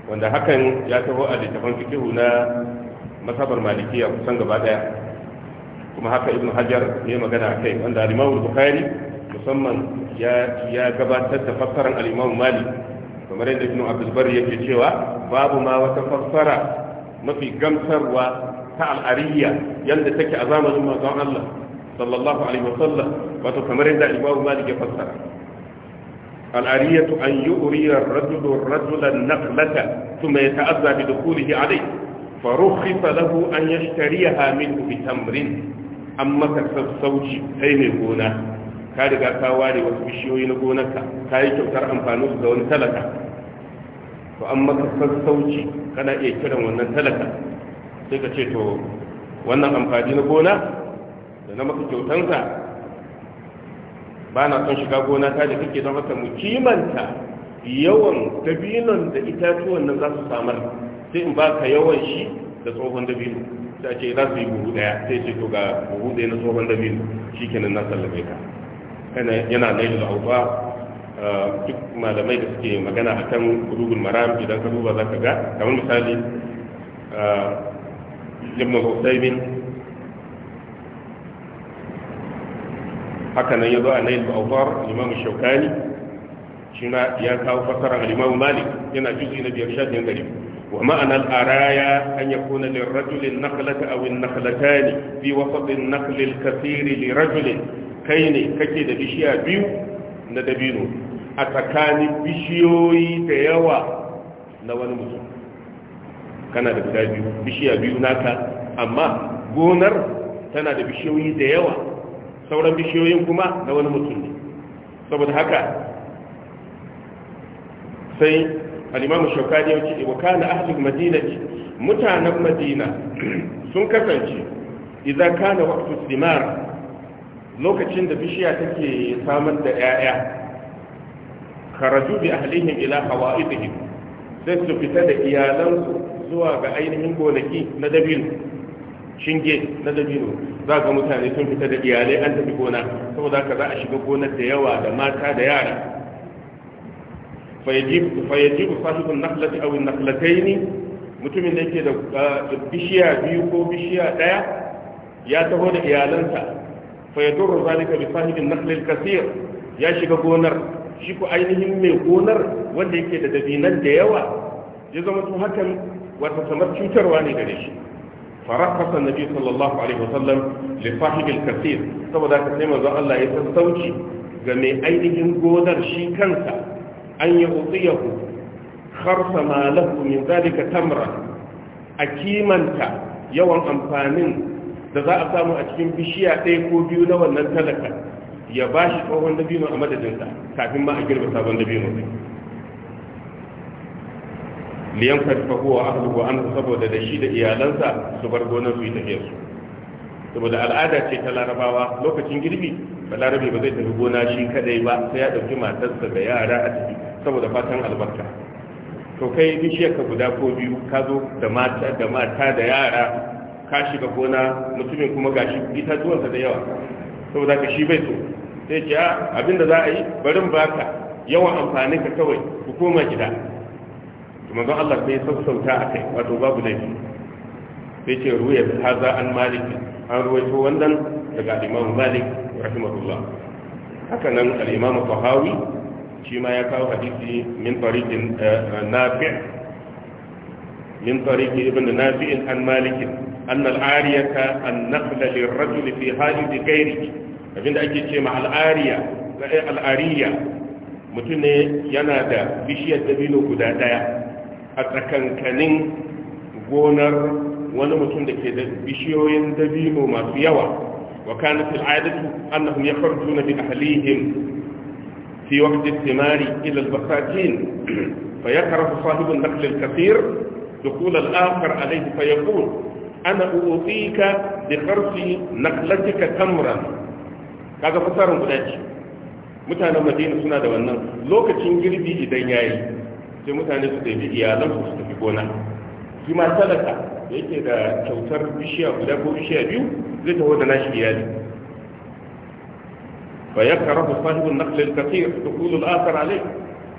wanda hakan ya taho a littafin fikihu na masabar maliki a kusan gaba daya kuma haka ibn hajar ya magana a kai wanda alimawul bukari musamman ya gabatar da fassarar alimawul mali kamar yadda ibn abdulbar yake cewa babu ma wata fassara mafi gamsarwa ta al'ariya yadda take a zamanin mazan allah sallallahu alaihi wasallam wato kamar yadda alimawul mali ya fassara al'ariyatu an yu'riya ar-rajulu ar-rajula naqlata thumma yata'azza bi dukhulihi alayhi fa rukhisa lahu an yashtariyaha minhu bi tamrin amma ka mai gona ka riga ka ware wasu bishiyoyi na gonarka ka yi kyautar amfani su wani talaka to kana iya kiran wannan talaka sai ka ce to wannan amfani na gona da na ba na son shiga gona ta da kake don haka mu kimanta yawan dabinon da itatuwan nan za su samar sai in ba ka yawan shi da tsohon dabino sai ce za su yi buhu daya sai ce to ga buhu daya na tsohon dabino shi kenan na sallame ka yana nailu da auba duk malamai da suke magana akan kan gudugun maram idan ka duba za ka ga kamar misali ibn haka nan ya zo a nail ba'ufar limamu shaukani shi na ya kawo fasara ga limamu malik yana juzi na biyar sha biyar gari wa ma'anar araya an ya kuna lil rajulin a wani in nakhlatani fi wasatin nakhlil kathiri li rajulin kai ne kake da bishiya biyu na dabino a tsakanin bishiyoyi da yawa na wani mutum kana da guda biyu bishiya biyu naka amma gonar tana da bishiyoyi da yawa sauran bishiyoyin kuma na wani mutum ne saboda haka sai alimamu shaukani ya ce wa kana ahlul ce mutanen madina sun kasance idan kana waktu simar lokacin da bishiya take samun da 'ya'ya karaju bi ahlihim ila hawaidihim sai su fita da iyalansu zuwa ga ainihin gonaki na dabino shinge na dabino za ga mutane sun fita da iyalai an tafi gona saboda haka za a shiga gonar da yawa da mata da yara fayyajib sahibin naklati awin naklatai mutumin da yake da bishiya biyu ko bishiya daya ya taho da iyalansa fayyadurru zalika bi sahibin naklil kasir ya shiga gonar shi ko ainihin mai gonar wanda yake da dabinan da yawa ya zama tun hakan wata samar cutarwa ne gare shi فرخص النبي صلى الله عليه وسلم لصاحب الكثير saboda haka sai manzon Allah ya sassauci ga mai ainihin godar shi kansa an ya utiyahu kharsa ma lahu min zalika a kimanta yawan amfanin da za a samu a cikin bishiya ɗaya ko biyu na wannan talaka ya bashi tsohon dabino a madadinsa kafin ma a girbe sabon dabino liyan karfa huwa ahluhu anhu saboda da shi da iyalansa su bar gonar su yi tafiyar su saboda al'ada ce ta larabawa lokacin girbi ba balarabe ba zai tafi gona shi kadai ba sai ya dauki matarsa da yara a ciki saboda fatan albarka to kai shi ka guda ko biyu ka zo da mata da mata da yara ka shiga gona mutumin kuma gashi itatuwansa da yawa saboda ka shi bai so sai ce ah, abinda za a yi barin baka yawan amfanin ka kawai ku gida manzon Allah sai sassauta a kai wato babu laifi sai ce ruwaya haza an malik an ruwaito wannan daga imam malik rahimahullah haka nan al-imam tahawi shi ma ya kawo hadisi min tariqin eh, nafi' min tariqi ibn nafi'in an malik anna al-ariyata an-naqla lir-rajul fi halidi ghairihi abinda ake ce ma al'ariya ariya eh, al-ariya ne yana da bishiyar dabino guda daya a tsakankanin gonar wani mutum da ke da bishiyoyin dabino masu yawa wa kana fil adatu annahum yakhrujuna bi ahlihim fi waqti al ila al-basatin fa yakrahu sahibu an-naql al-kathir dukhul al-akhar alayhi fa yaqul ana utika bi kharfi naqlatika tamran kaga fasarin guda ce mutanen madina suna da wannan lokacin girbi idan yayi sai mutane su ɗabi iyalan su su tafi gona shi ma sadaka da yake da kyautar bishiya guda ko bishiya biyu zai taho da nashi iyali fa ya karahu sahibun naqlil kathir dukhulul athar alayh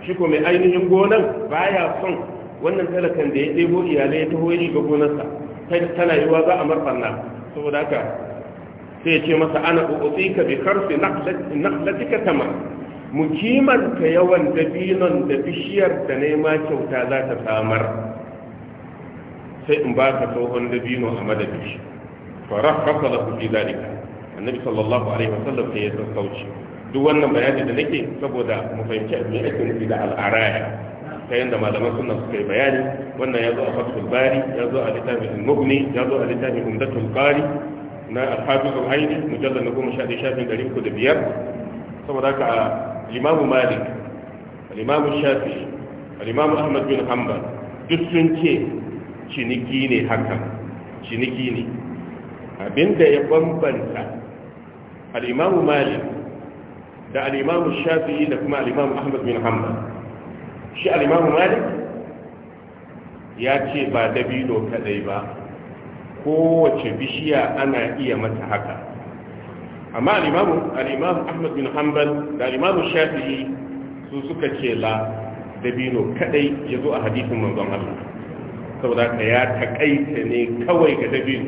shi ko mai ainihin gonan baya son wannan talakan da ya debo iyalai ya taho ya shiga gonarsa tana yiwa za a marfanna saboda haka sai ya ce masa ana uqtika bi kharfi naqlatika tamam mu kimanta yawan dabinon da bishiyar da nema kyauta za ta samar sai in ba ka tsohon dabino a madadin shi farar kafa za ku fi zalika annabi sallallahu alaihi wasallam sai ya sassauci duk wannan bayani da nake saboda mu fahimci abin me ake nufi da al'araya ta yadda malaman suna suka yi bayani wannan ya zo a fatul bari ya zo a littafin mugni ya zo a littafin umdatul bari na alhafizul aini mujallal na goma sha ɗaya shafin ɗari uku da biyar saboda haka al malik al-imam shafi'i al bin hanbal duk sun ce ciniki ne hakan ciniki ne abinda ya bambanta al malik da al-imam da kuma al-imam bin hanbal shi al malik ya ce ba dabino kadai ba kowace bishiya ana iya mata haka amma al'imamu al'imamu ahmad bin hanbal da al'imamu shafi'i su suka ce la dabino kadai ya zo a hadisin manzon Allah saboda ka ya takaita ne kawai ga dabino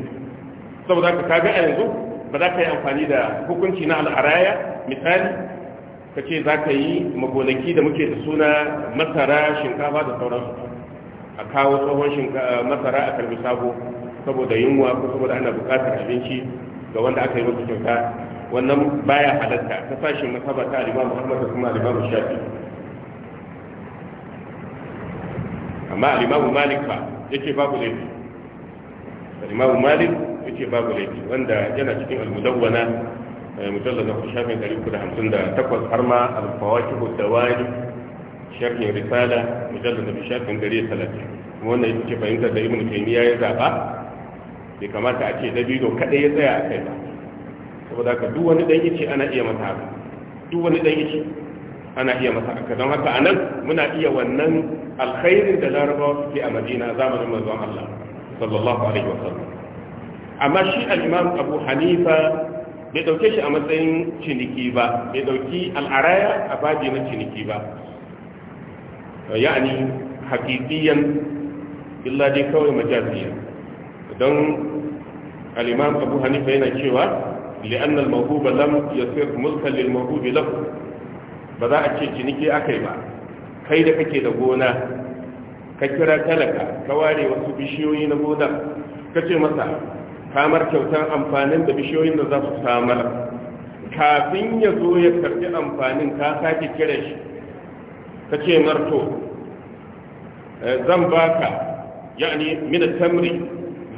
saboda ka kaga a yanzu ba za ka yi amfani da hukunci na al'araya misali ka ce za ka yi magonaki da muke da suna masara shinkafa da sauransu a kawo tsohon masara a karbi sabo saboda yunwa ko saboda ana bukatar abinci ga wanda aka yi masa kyauta wannan baya halatta ta fashin masaba ta alimamu Muhammad da kuma alimamu shafi amma alimamu malik ba yake babu laifi alimamu malik yake babu laifi wanda yana cikin almudawwana eh, mujallar na shafin 358 har ma alfawaki hudawari shafin risala mujallar na shafin 130 wannan yake fahimtar da ibn taymiya ya zaba bai kamata a ce dabino kadai ya tsaya a kai ba saboda haka duk wani dan yace ana iya masa haka duk wani dan yace ana iya masa haka don haka anan muna iya wannan alkhairin da larabawa suke a madina zamanin manzon Allah sallallahu alaihi wasallam amma shi al-imam abu hanifa bai dauke shi a matsayin ciniki ba bai dauki al'araya a baji na ciniki ba ya'ani hakikiyan illa dai kawai majaziyan don al-imam abu hanifa yana cewa li'anna al-mawhuba lam yasir mulkan lil mawhubi lahu ba za a ce ciniki akai ba kai da kake da gona ka kira talaka ka ware wasu bishiyoyi na gonar ka ce masa kamar kyautar amfanin da bishiyoyin da za su samar kafin ya zo ya karbi amfanin ka sake kiran shi ka ce marto eh, zan baka yani min tamri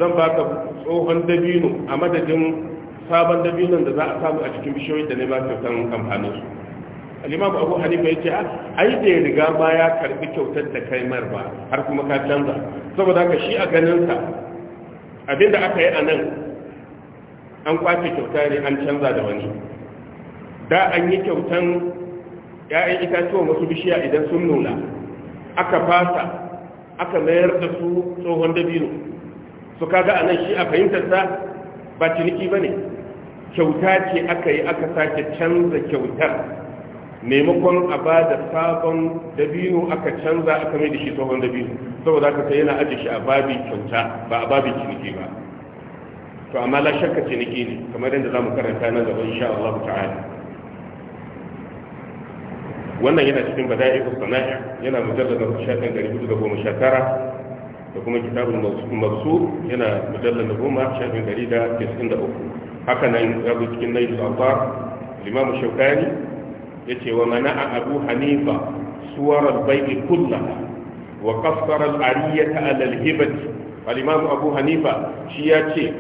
zan baka tsohon dabino a madadin sabon dabino da za a samu a cikin bishiyoyin da ne ba kyautan amfanin su al'imam abu hanifa ya ce ah, ai da ya riga ba ya karbi kyautar da kai mar ba har kuma ka canza saboda haka shi a ganinsa abinda aka yi a nan an kwace kyauta ne an canza da wani da an yi kyautan ya'yan itatuwan wasu bishiya idan sun nuna aka fasa aka mayar da su tsohon dabino su kaga a nan shi a fahimtarsa ba ciniki ba ne kyauta ce aka yi aka sake canza kyautar maimakon a ba da sabon dabino aka canza aka mai da shi tsohon dabino saboda aka sai yana ajiye shi a babi kyauta ba a babi ciniki ba to amma la shakka ciniki ne kamar yadda za mu karanta nan gaba insha Allah ta'ala wannan yana cikin bada'i ko sana'a yana mujalladin shafin 419 da kuma kitabul mabsur yana mujallar da goma shafin gari da tisin da haka nan ya zo cikin nayi zalfa limamu shaukani ya ce wa mana a abu hanifa suwarar bai'i kunna wa kaffara ta alal hibati al'imamu abu hanifa shi ya ce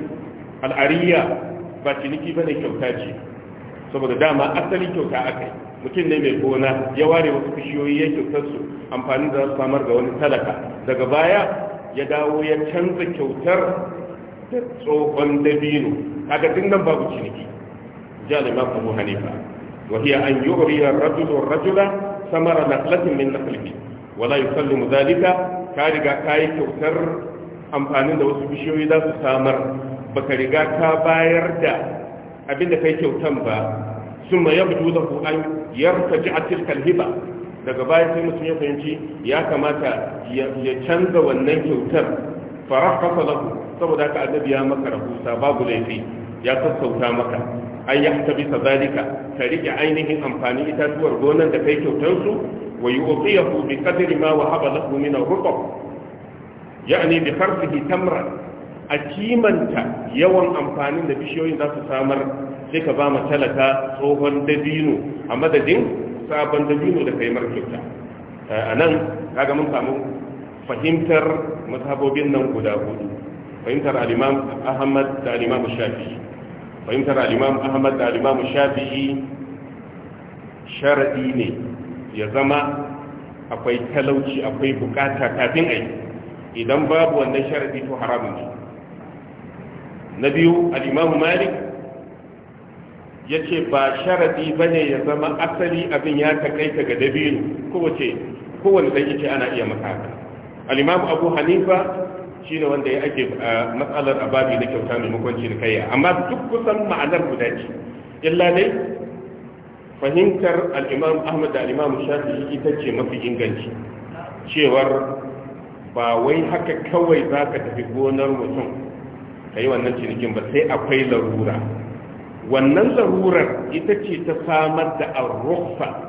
al'ariya ba ciniki ba ne kyauta ce saboda dama asali kyauta aka yi mutum ne mai gona ya ware wasu bishiyoyi ya kyautar su amfani da samar ga wani talaka daga baya ya dawo ya canza kyautar da tsohon dabino kaga duk nan babu ciniki jali ma abu hanifa wa hiya an yughriya ar-rajulu ar-rajula samara naqlatin min naqlihi wala yusallimu dhalika ka riga kai kyautar amfanin da wasu bishiyoyi za su samar baka riga ka bayar da abinda kai kyautan ba summa yabdu lahu an yartaji'a tilka al-hiba daga baya sai mutum ya fahimci ya kamata ya canza wannan kyautar kafa lahu saboda haka annabi ya maka rahusa babu laifi ya sassauta maka an ya tabi sadalika ka rike ainihin amfani itatuwar gonan da kai kyautar su wa yuqiyahu bi qadri ma wahaba lahu min ar-rutab ya'ni bi farfihi tamra a kimanta yawan amfanin da bishiyoyin za su samar sai ka ba ma talaka tsohon dabino a madadin sabon dabino da kai markyauta eh, a nan kaga mun samu fahimtar mazhabobin nan guda hudu fahimtar Alimam ahmad da Alimam shafi'i fahimtar Alimam ahmad da Alimam shafi'i sharadi ne ya zama akwai talauci akwai bukata kafin aiki idan babu wannan sharadi to haramun ne na biyu al malik ya ce ba sharadi bane ya zama asali abin ya takaita ga dabino kowace kowane dan ce ana iya makaka alimamu abu hanifa ne wanda ya ake matsalar ababi na kyauta maimakon cinikayya amma duk kusan ma'anar guda ce illa ne fahimtar al'imam ahmad da al'imam shafi ita ce mafi inganci cewar ba wai haka kawai za ka tafi gonar mutum ka yi wannan cinikin ba sai akwai larura wannan larurar ita ce ta samar da arrufa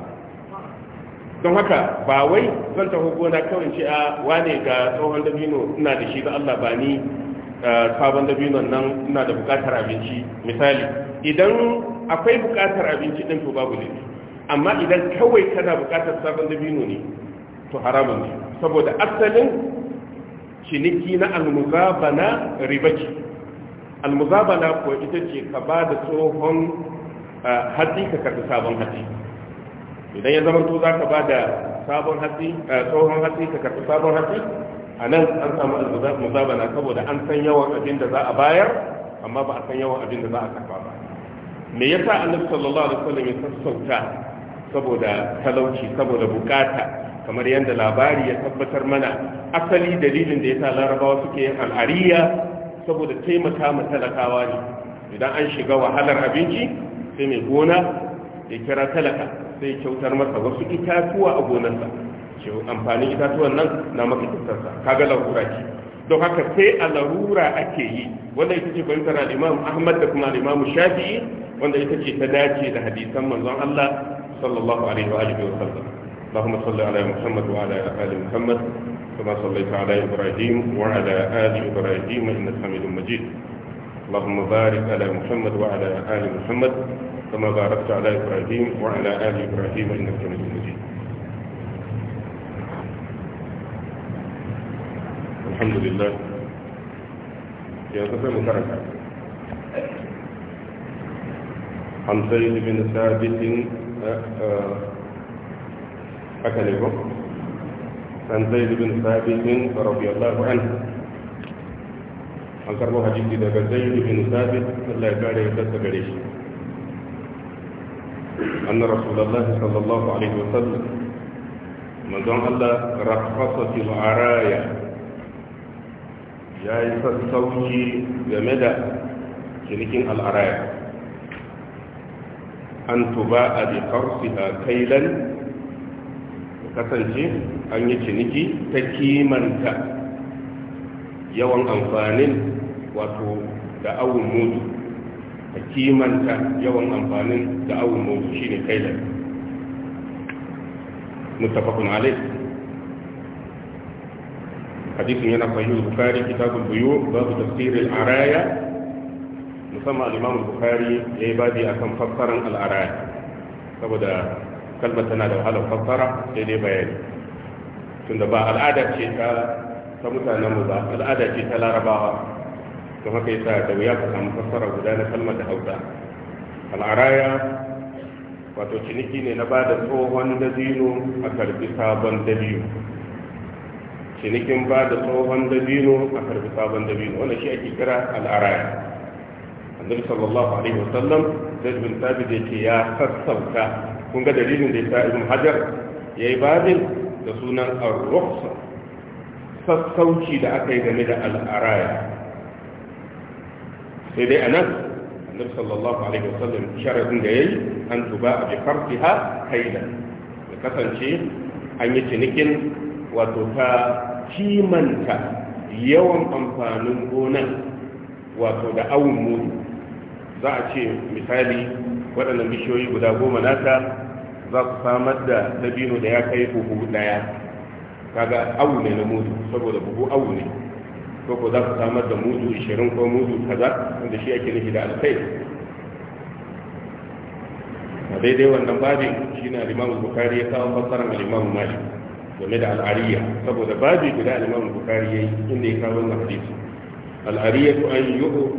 don haka ba wai zan taho gona kawai ce a ah, wane ga tsohon dabino ina da shi da Allah ba ni ah, sabon dabinon nan ina da bukatar abinci misali idan akwai bukatar abinci din to babu laifi amma idan kawai kana bukatar sabon dabino ne to haramun ne saboda asalin ciniki na almuzabana ribaci almuzabana ko ita ce ka ba da tsohon ah, hatsi ka karɓi sabon hatsi idan ya zama to za ka ba da sabon hatsi eh, tsohon hatsi ka karɓi sabon hatsi a nan an samu almuzabana saboda an san yawan abin da za a bayar amma ba a san yawan abin da za a karɓa ba me yasa annabi sallallahu alaihi wasallam ya sassauta saboda talauci saboda bukata kamar yadda labari ya tabbatar mana asali dalilin da ya sa larabawa suke yin al'ariya saboda taimaka ma talakawa ne idan an shiga wahalar abinci sai mai gona ya kira talaka zai kyautar masa wasu itatuwa a gonarsa ce amfanin itatuwan nan na maka kyautarsa kaga larura ce don haka sai a larura ake yi wanda ita ce fahimtar al'imam ahmad da kuma al'imam shafi'i wanda ita ce ta dace da hadisan manzon allah sallallahu alaihi wa alihi wa sallam اللهم صل على محمد وعلى ال محمد كما صليت على ابراهيم وعلى ال ابراهيم انك حميد مجيد اللهم بارك على محمد وعلى ال محمد كما باركت على إبراهيم وعلى آل إبراهيم إنك حميد مجيد الحمد لله يا كفر مكركة عن زيد بن ثابت آه، آه، أكلمه عن زيد بن ثابت رضي الله عنه an karbo hadisi daga zaid bin sabit Allah ya أن رسول الله صلى الله عليه وسلم من الله رخصة العراية يا يسسوجي جمدا شركين العراية أن تباع بقرصها كيلا kasance an yi ciniki ta kimanta yawan amfanin wato da awon mudu ka kimanta yawan amfanin da awon mu shi ne kailar mutafakun alai hadisin yana fahimtar bukari kitabul buyu babu tafsirin araya musamman al'imam bukari ya yi babi a kan fassaran al'araya saboda kalmar tana da wahalar fassara sai dai bayani tunda ba al'ada ce ta mutanenmu ba al'ada ce ta larabawa don haka yasa da wuya ka samu fassara guda na kalmar da hausa al'araya wato ciniki ne na ba da tsohon dabino a karbi sabon dabino cinikin ba da tsohon dabino a karbi sabon dabino wannan shi ake kira al'araya annabi sallallahu alaihi wasallam zaid bin thabit yake ya sassauta kun ga dalilin da ya sa ibn hajar yayi babin da sunan ar-rukhsa sassauci da aka yi game da al'araya sai dai anan annabi sallallahu alaihi wasallam sharadin da yayi an tuba bi farqiha da. ya kasance an yi cinikin wato ta kimanta yawan amfanin gonan wato da awun mudu za a ce misali waɗannan bishiyoyi guda goma nata za ku samar da dabino da ya kai buhu ɗaya kaga awu ne na mudu saboda buhu awu ne ko ko za ku samar da mudu 20 ko mudu kaza wanda shi ake nufi da alkhairi a daidai wannan babin shi na limamu bukari ya kawo fassarar limamu mali game da al'ariya saboda babi guda limamu bukari ya yi inda ya kawo wannan hadisi al'ariya tu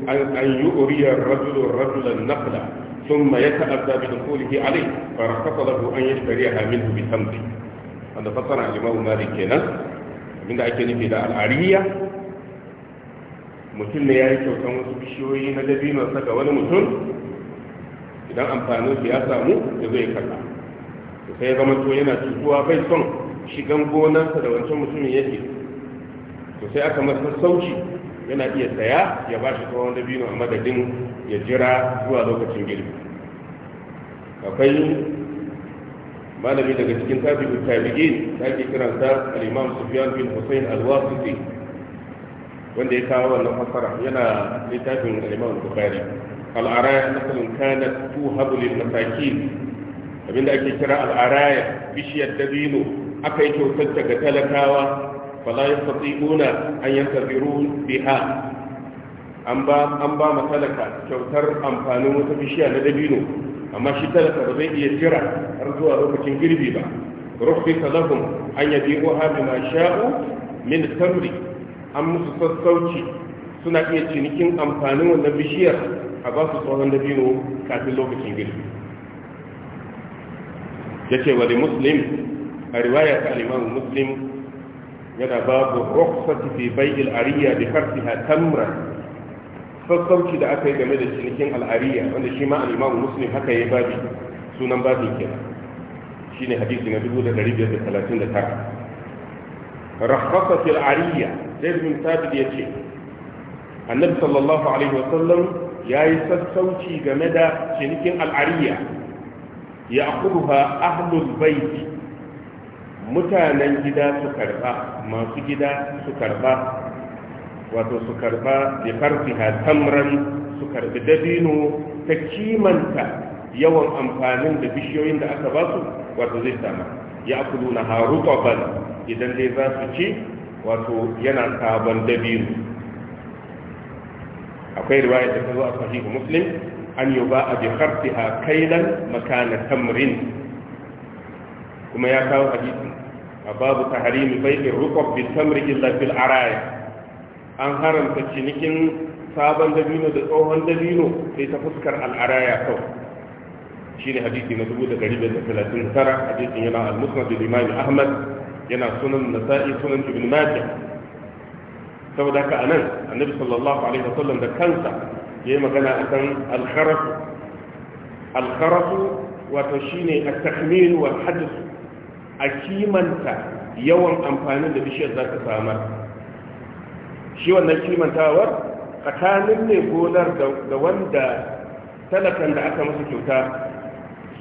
an yi uriyar rajulun rajulan naqla ثم يتأذى بدخوله عليه فرخص له أن يشتريها منه بثمن هذا فسر الإمام مالك هنا من nufi da al'ariya. mutum ne ya yi kyautan wasu bishiyoyi na dabino saka wani mutum idan amfanin su ya samu da zai karɓa. to sai zama to yana cutuwa bai son shigan gonarsa da wancan mutumin yake to sai aka masa sauci yana iya saya ya ba shi tsohon dabino a madadin ya jira zuwa lokacin girbi akwai malami daga cikin tafi tabi'in da ake kiransa al-imam bin hussein al-wasiti wanda ya kawo wannan fasara yana littafin al-Imam Bukhari al-araya nasalun kanat tuhabu lil masakin abinda ake kira al bishiyar dabino aka yi kyautar ga talakawa fala yastati'una an yantaziru biha an ba ma talaka kyautar amfanin wata bishiya na dabino amma shi talaka ba zai iya jira har zuwa lokacin girbi ba rufi talahum an yabi'uha ma sha'u min tamri an musu sassauci suna iya cinikin amfanin wannan bishiyar a ba su tsohon dabino kafin lokacin girbi ya ce wani muslim a riwayar kaliman muslim yana babu rukhsati fi bai'il ariya karfi a tamra sassauci da aka yi game da cinikin al'ariya wanda shi ma al muslim haka ya babi sunan babin kenan shine hadisi na 1539 rakhasa fil ariya bin thabit yace annabi sallallahu alaihi wasallam yi sassauci game da cinikin al'ariya ya akuruha ahlul baiti mutanen gida su karba masu gida su karba wato su karba farfi ha tamran su karbi dabino ta kimanta yawan amfanin da bishiyoyin da aka ba su wato zai sama ya na Haru bala idan dai za su ci wato yana sabon dabiru akwai riwaya da ta zo a sahihu muslim an yi ba a bi a kailan makana tamrin kuma ya kawo hadisin a babu ta taharimi baitin rukwab bi tamri illa fil araya an haramta cinikin sabon dabino da tsohon dabino sai ta fuskar al'araya kawai shine hadisi na 1539 hadisin yana al-musnad al-imam ahmad yana sunan nasa'i sunan ibn majah saboda haka anan annabi sallallahu alaihi wasallam da kansa ya yi magana akan al-kharaf al-kharaf wato shine at-tahmil wal hadath a kimanta yawan amfanin da bishiyar za ta samar shi wannan kimantawar tsakanin ne gonar da wanda talakan da aka masa kyauta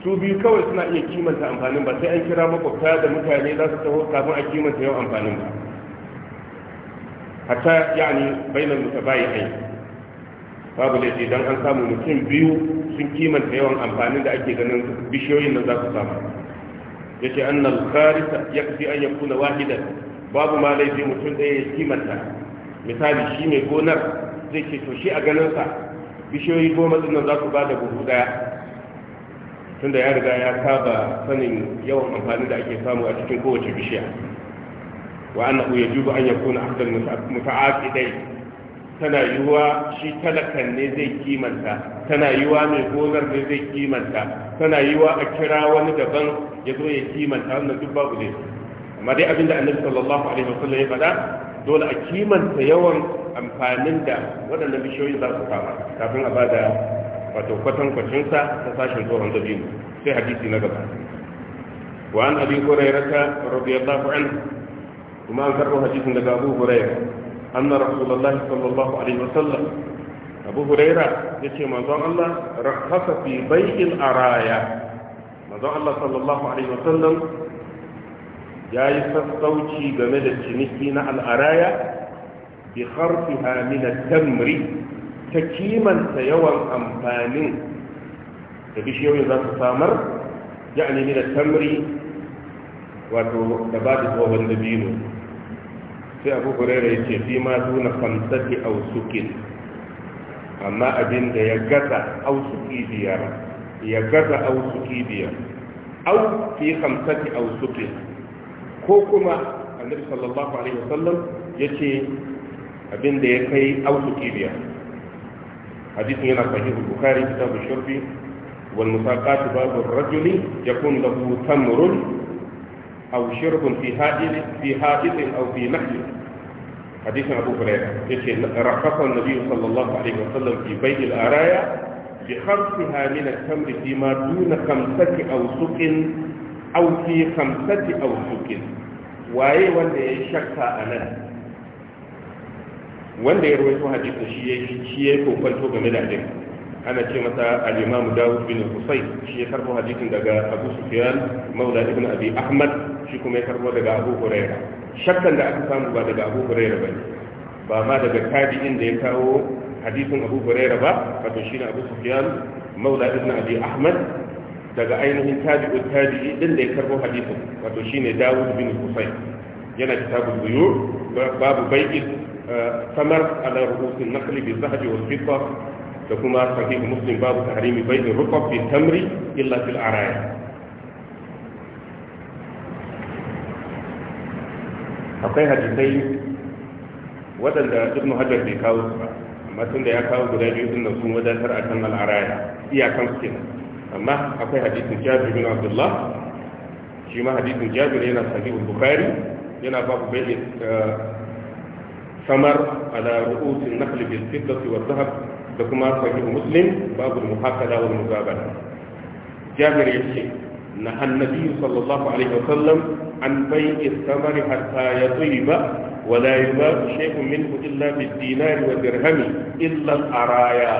su biyu kawai suna iya kimanta amfanin ba sai an kira makwabta da mutane za su taho kafin a kimanta yau amfanin ba hatta yani bainar mutabayi ai babu laifi dan an samu mutum biyu sun kimanta yawan amfanin da ake ganin bishiyoyin nan za su samu yace annal kharisa yakfi an yakuna wahidan babu ma laifi mutum ɗaya ya kimanta misali shi mai gonar zai ce to shi a ganinsa bishiyoyi goma din nan za su ba da buhu ɗaya tunda ya riga ya saba sanin yawan amfani da ake samu a cikin kowace bishiya wa annahu yajibu an yakuna afdal muta'aqidai tana yiwuwa shi talakan ne zai kimanta tana yiwuwa mai gonar ne zai kimanta tana yiwuwa a kira wani daban ya zo ya kimanta wannan duk babu ne amma dai abinda annabi sallallahu alaihi wasallam ya faɗa dole a kimanta yawan amfanin da waɗannan bishiyoyi za su kafin a bada wato kwatankwacinsa ta sashen tsoron dabino sai hadisi na gaba wa an abin abi hurairata radiyallahu anhu kuma an karɓo hadisin daga abu huraira anna rasulullahi sallallahu alaihi wasallam abu huraira yace manzon Allah rahasa fi bai'il araya manzon Allah sallallahu alaihi wasallam yi sassauci game da ciniki na al'araya bi kharfiha min at-tamri ta kimanta yawan amfanin da bishiyoyin za su samar ya a nemi da tamri wato da ba da tsohon da biyu sai abu kurera ya ce fi ma suna a ausukin amma abin da ya gasa ausuki biyar ya gasa ausuki biyar au fi a ausukin ko kuma annabi sallallahu alaihi wasallam ya ce abin da ya kai ausuki biyar حديث هنا صحيح البخاري كتاب الشرب والمساقات باب الرجل يكون له تمر أو شرب في هائل في حائط أو في نحل حديث أبو هريرة رخص النبي صلى الله عليه وسلم في بيع الآرايا بخمسها من التمر فيما دون خمسة أوسق أو في خمسة أوسق سك واي ولا shakka انا wanda ya rawaito hadisin shi ya yi shi ya yayi kokonto game da hadisin ana ce masa al-Imam Dawud bin Husayn shi ya karbo hadisin daga Abu Sufyan maula ibn Abi Ahmad shi kuma ya karbo daga Abu Huraira shakkan da aka samu ba daga Abu Huraira ba ba ma daga tabi'in da ya kawo hadisin Abu Huraira ba wato shine Abu Sufyan maula ibn Abi Ahmad daga ainihin tabi'u tabi'i din da ya karbo hadisin wato shine Dawud bin Husayn yana kitabul buyu babu bai'il samar ala ruhusin nakli bi zahabi wal fidda da kuma sahih muslim babu tahrimi bai'in rukab bi tamri akwai hadisai waɗanda hajar bai kawo su ba amma tun da ya kawo guda biyu din nan sun wadatar a kan al'araya iyakan su kenan amma akwai hadisin jabir bin abdullah shi ma hadisin jabir yana bukhari yana babu samar ala ru'usin nakhl bil fiddati wa dhahab da kuma sahih muslim babu muhakada wal muzabara jabir yace na annabi sallallahu alaihi wasallam an bai'i samari hatta yatiba wa la yubaq shay'un minhu illa bid dinar wa dirhami illa al araya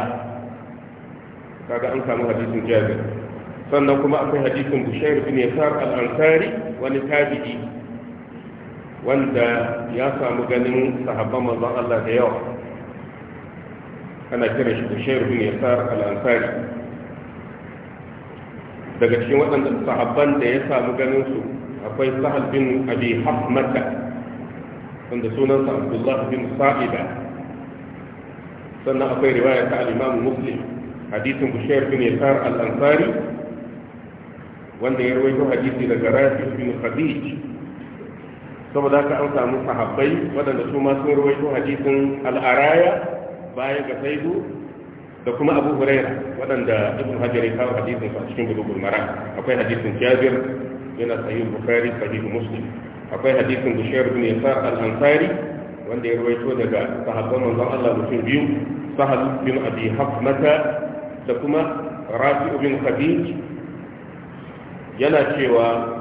kaga an samu hadisin jabir sannan kuma akwai hadisin bushair bin al ansari wani tabi'i wanda ya samu ganin sahabban manzon Allah da yawa ana kira shi Bushair bin Yasar al-Ansari daga cikin waɗanda sahabban da ya samu ganin su akwai Sahal bin Abi Hafmata wanda sunansa Abdullah bin Sa'ida sannan akwai riwaya ta al-Imam Muslim hadisin Bushair bin Yasar al-Ansari wanda ya rawaito hadisi daga Rafi bin Khadij saboda haka an samu sahabbai waɗanda su ma sun rawaito hadisin al'araya baya ga saidu da kuma abu huraira waɗanda ibn hajar ya kawo hadisin a cikin bulugul mara akwai hadisin jabir yana sahih bukhari sahih muslim akwai hadisin bushair bin yasar al-ansari wanda ya rawaito daga sahabban manzon Allah mutum biyu sahal bin abi hafmata da kuma rafi bin khadij yana cewa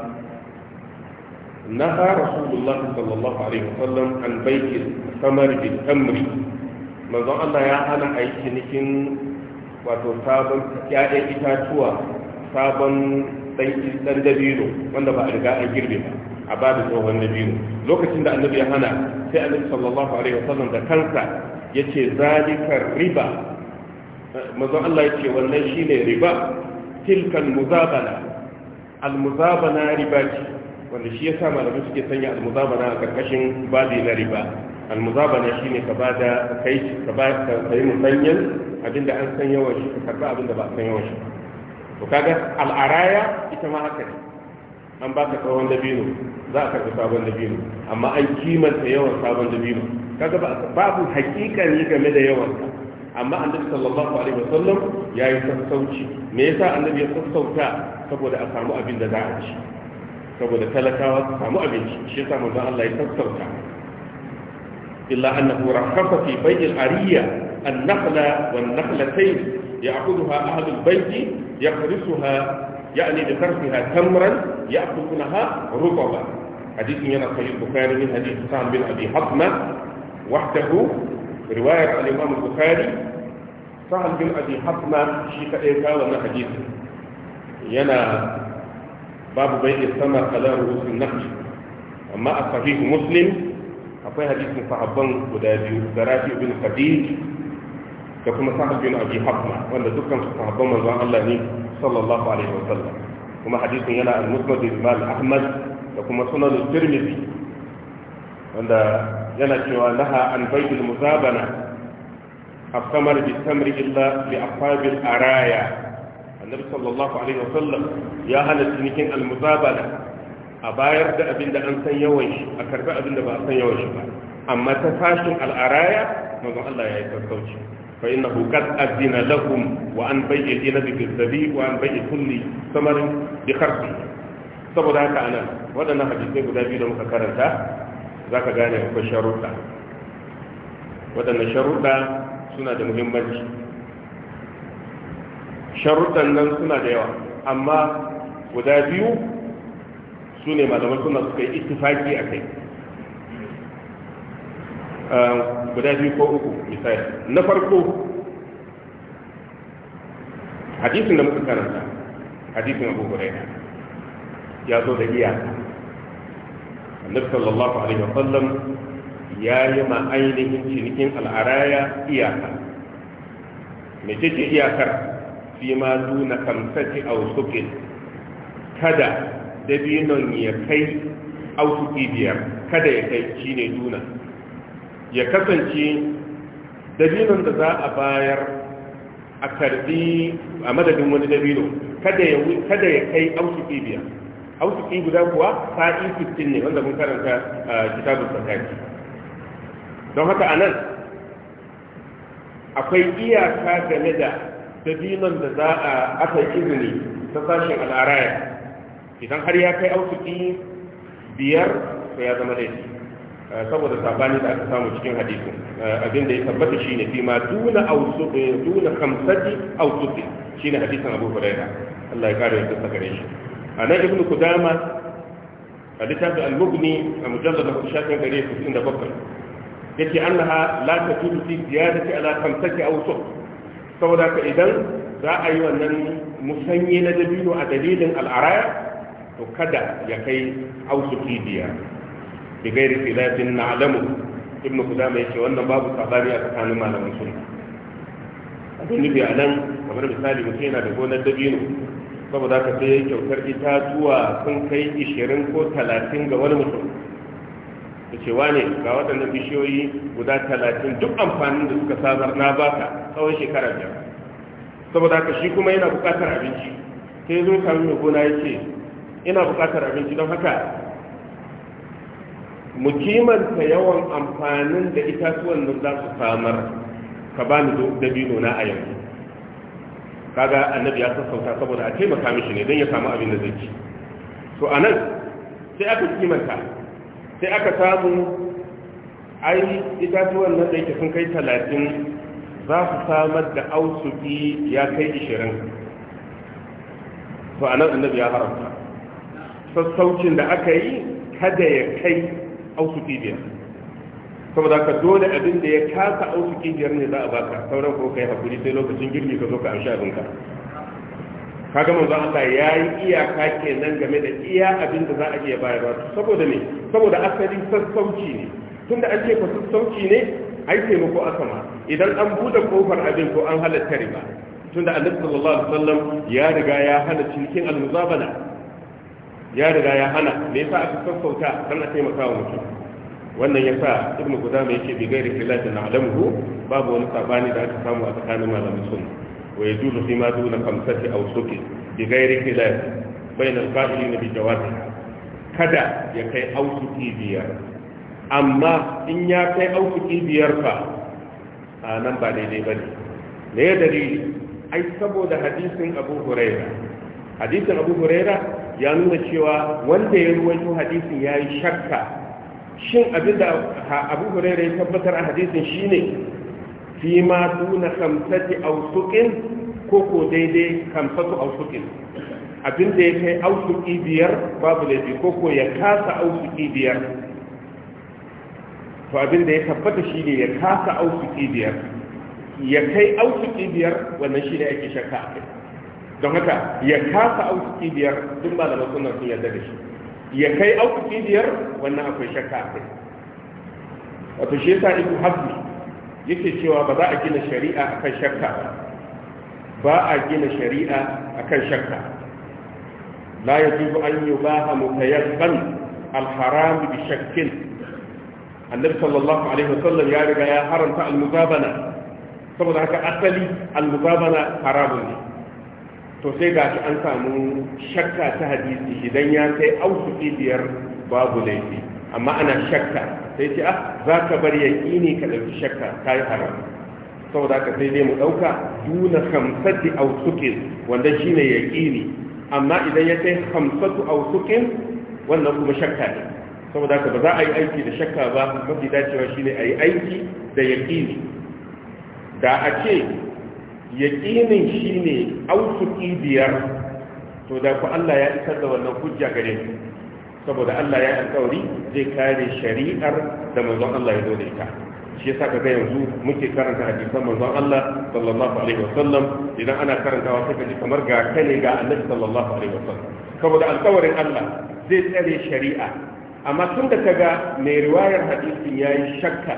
نهى رسول الله صلى الله عليه وسلم عن بيع الثمر بالتمر Allah ya hana a yi wato sabon ‘ya'yan itatuwa sabon ɗan dabino wanda ba a riga an girbe ba a ba da tsohon dabino lokacin da annabi ya hana sai annabi sallallahu da kansa ya ce zalikar riba manzon Allah ya ce wannan shine riba riba ce wanda shi ya sa malamai suke sanya almuzabana a karkashin babi na riba almuzabana shi ne ka bada kai ka ba ka yi musanyan abinda an san yawan shi ka karba abinda ba a san yawan shi to kaga al'araya ita ma haka ne an baka tsawon dabino za a karɓi sabon dabino amma an kimanta yawan sabon dabino kaga babu hakikani game da yawan amma annabi sallallahu alaihi wasallam yayi sassauci me yasa annabi ya sassauta saboda a samu abin da za a ci saboda talakawa su samu abinci shi yasa manzon Allah ya sassauta illa annahu rakhasa fi bai'il ariya an-nakhla wan-nakhlatayn ya'khudhuha ahlul bayti yaqrisuha يعني بصرفها تمرا يأكلونها رطبا حديث من صحيح البخاري من حديث سعد بن أبي حطمة وحده رواية الإمام البخاري سعد بن أبي حطمة شيخ إيكا وما حديث yana. babu bai istamar ala rusul naqsh amma a sahihu muslim akwai hadisin sahabban guda biyu da rafi bin khadij da kuma sahab bin abi hafna wanda dukkan su sahabban manzon Allah ne sallallahu alaihi wa sallam kuma hadisin yana al-musnad al ahmad da kuma sunan tirmidhi wanda yana cewa laha an baitul muzabana الثمر بالثمر إلا لأصحاب araya. annabi sallallahu alaihi wasallam ya hana cinikin almuzabala a bayar da abin da an san yawan shi a karbi abin da ba a san yawan shi ba amma ta fashin al'araya mazan Allah ya yi sassauci fa innahu qad azina lahum wa an bayyana bi kisabi wa an bayyana kulli samarin bi kharfi saboda haka anan waɗannan hadisai guda biyu da muka karanta zaka gane akwai sharuɗa waɗannan sharuɗa suna da muhimmanci sharuɗan nan suna da yawa amma guda biyu su ne malamai suna suka yi itifaki a kai ehm, guda biyu ko uku misali na farko hadisin da muka karanta hadisin abu huraira ya zo da iyaka annabi sallallahu alaihi sallam ya yi ma ainihin cinikin al'araya iyaka me ce iyakar fi ma duna kamsati ausukin kada dabinon ya kai ausuki biyar kada ya kai shine duna ya kasance dabinon da za a bayar a karbi a madadin wani dabino kada ya kada ya kai biyar. biyar ausuki guda kuwa sa'i 15 ne wanda mun karanta kitabun zakati don haka anan akwai iyaka game da dabinon da za a aka izini ta sashen al'araya idan har ya kai autuki biyar to ya zama laifi eh, saboda sabani da aka samu cikin hadisu. Eh, abin da ya tabbata ne fi ma duna ausu eh, duna shi ne shine hadisin Abu Hurairah Allah ya kare ya tsaka gare shi anan ibnu kudama a littafin al-mughni a mujallar da shafin gare 97 yace annaha la tajuzu fi ziyadati ala khamsati ausuki saboda ka idan za a yi wannan musanye na dabino a dalilin al'araya to kada ya kai ausu fidiya bi gairi filafin na alamu ibn kudama ya ce wannan babu sabani a tsakanin malamin A abin nufi a nan kamar misali mutum yana da gonar dabino saboda ka sai kyautar itatuwa sun kai ishirin ko talatin ga wani mutum cewa ne ga waɗannan bishiyoyi guda talatin duk amfanin da suka samar na ba ka tsawon shekara biyar saboda haka shi kuma yana buƙatar abinci sai zo kamin mai gona ya ce ina buƙatar abinci don haka mu kimanta yawan amfanin da itatuwan nan za su samar ka ba ni dabino na a yanzu kaga annabi ya sassauta saboda a taimaka mishi ne don ya samu abin da zai ci to anan sai aka kimanta sai aka samu ai itatuwan nan da yake sun kai talatin za su samar da ausuki ya kai ishirin to a nan annabi ya haramta sassaucin da aka yi kada ya kai ausuki biyar saboda ka dole abin da ya kasa ausuki biyar ne za a baka sauran ko kai hakuri sai lokacin girbi ka zo ka amshi abinka kaga manzo Allah ya yi iyaka kenan game da iya abin da za a iya ba saboda ne saboda asali sassauci ne tunda an ce ko sassauci ne ai taimako asama idan an bude kofar abin ko an halatta riba tunda annabi sallallahu alaihi wasallam ya riga ya hana cikin almuzabana ya riga ya hana me yasa aka sassauta dan a taimaka wa mutum wannan yasa ibnu gudama yake bi gairi khilafin alamu babu wani sabani da aka samu a tsakanin malamin sunna ويجوز فيما دون خمسة أو سكن بغير خلاف بين القائلين بجوازها kada ya kai auki biyar amma in ya kai auki biyar fa a nan ba daidai ba ne me ya dalili ai saboda hadisin abu huraira hadisin abu huraira ya nuna cewa wanda ya ruwaito hadisin ya yi shakka shin abinda abu huraira ya tabbatar a hadisin shine fi ma duna kamsati ausukin ko ko daidai kamsatu ausukin abin da ya kai ausuki biyar babu laifi ko ko ya kasa ausuki biyar to abin da ya tabbata shine ya kasa ausuki biyar ya kai ausuki biyar wannan shine ake shakka a kai don haka ya kasa ausuki biyar duk da sunna sun yarda da shi ya kai ausuki biyar wannan akwai shakka a kai wato shi yasa ibnu hazmi yake cewa ba za a gina shari'a akan shakka ba a gina shari'a akan shakka la yajibu an yubaha mutayabban alharam bi shakkin annabi sallallahu alaihi wasallam ya riga ya haramta almuzabana saboda haka asali almuzabana haramun ne to sai ga shi an samu shakka ta hadisi idan ya kai auku biyar babu laifi amma ana shakka sai ce ah za ka bar yaƙini ka ɗauki shakka ta yi haram saboda ka sai dai mu ɗauka duna hamsati sukin wanda shi ne yaƙini amma idan ya kai hamsatu sukin wannan kuma shakka ne saboda ka ba za a yi aiki da shakka ba mafi dacewa shi ne a yi aiki da yaƙini da a ce yaƙinin shine ne biyar to da ku Allah ya isar da wannan hujja gare ku saboda Allah ya alkawari zai kare shari'ar da manzon Allah ya zo da ita shi yasa ga yanzu muke karanta hadisan manzon Allah sallallahu alaihi wasallam idan ana karantawa sai kaji kamar ga kane ga Annabi sallallahu alaihi wasallam saboda alƙawarin Allah zai tsare shari'a amma tun da kaga mai riwayar hadisin yayi shakka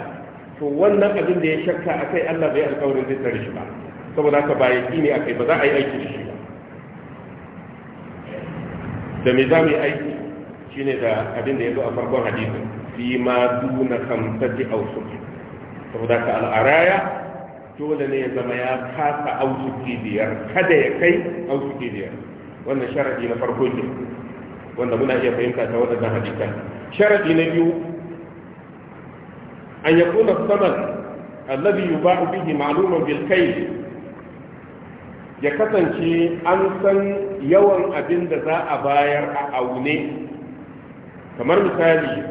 to wannan abin da ya shakka akai Allah bai alƙawarin zai tsare shi ba saboda haka ba yaki ne akai ba za a yi aiki da shi ba da me za mu yi aiki shine da abin da ya zo a farkon hadisi fi ma duna kamsati ausuki saboda ka al'araya dole ne ya zama ya kasa ausuki biyar kada ya kai ausuki biyar wannan sharadi na farko ne wanda muna iya fahimta ta waɗannan hadisan sharadi na biyu an yakuna saman alladhi yuba'u bihi ma'luman bil kayl ya kasance an san yawan abin da za a bayar a aune kamar misali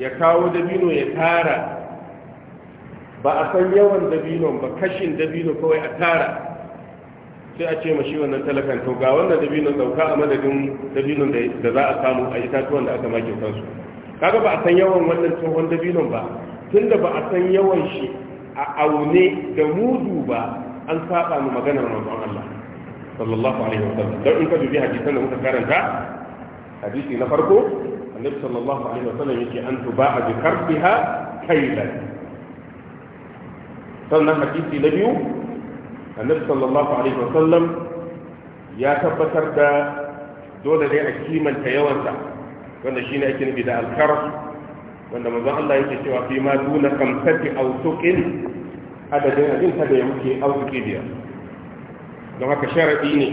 ya kawo dabino ya tara ba a san yawan dabinon ba kashin dabino kawai a tara sai a ce ma shi wannan talakan to ga wannan dabinon dauka a madadin dabinon da za a samu a itatuwan da aka make kansu kaga ba a san yawan wannan tsohon dabinon ba tunda ba a san yawan shi a aune da mudu ba an saba mu maganar manzon Allah sallallahu alaihi wasallam dan in ka dubi hadisan da muka karanta hadisi na farko annabi sallallahu alaihi wasallam yake an tuba a bi karfiha kailan sannan hadisi na biyu annabi sallallahu alaihi wasallam ya tabbatar da dole ne a kimanta yawansa wanda shi shine ake nufi da alkaras wanda manzon Allah yake cewa fi ma duna kamsati awsuqin adadin abin kada ya muke awsuqi biyar don haka sharadi ne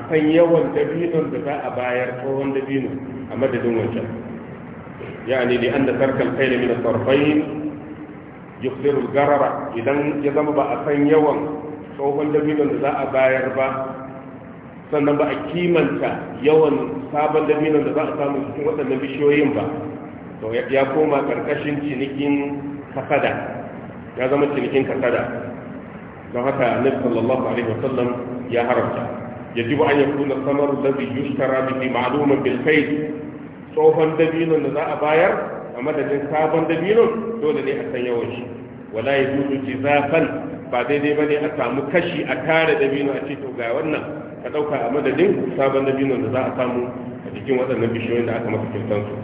akan yawan dabinon da za a bayar tsohon dabino a madadin wancan يعني لأن ترك الخيل من الطرفين يخسر الغرر إذا يزم بأسان يوم سوف الذين لا أباير با sannan ba a kimanta yawan sabon daminan da za a samu cikin waɗannan bishiyoyin ba to ya koma ƙarƙashin cinikin kasada ya zama cinikin kasada don haka annabi sallallahu alaihi wasallam ya haramta yajibu an yakuna samar da ladhi yushtara bihi ma'luman bil khayr tsohon dabinon da za a bayar a madadin sabon dabinon dole ne a san yawan shi wala ya zuzu zafan ba daidai ba ne a samu kashi a tare dabino a ce to ga wannan ka ɗauka a madadin sabon dabinon da za a samu a cikin waɗannan bishiyoyin da aka masa kyautansu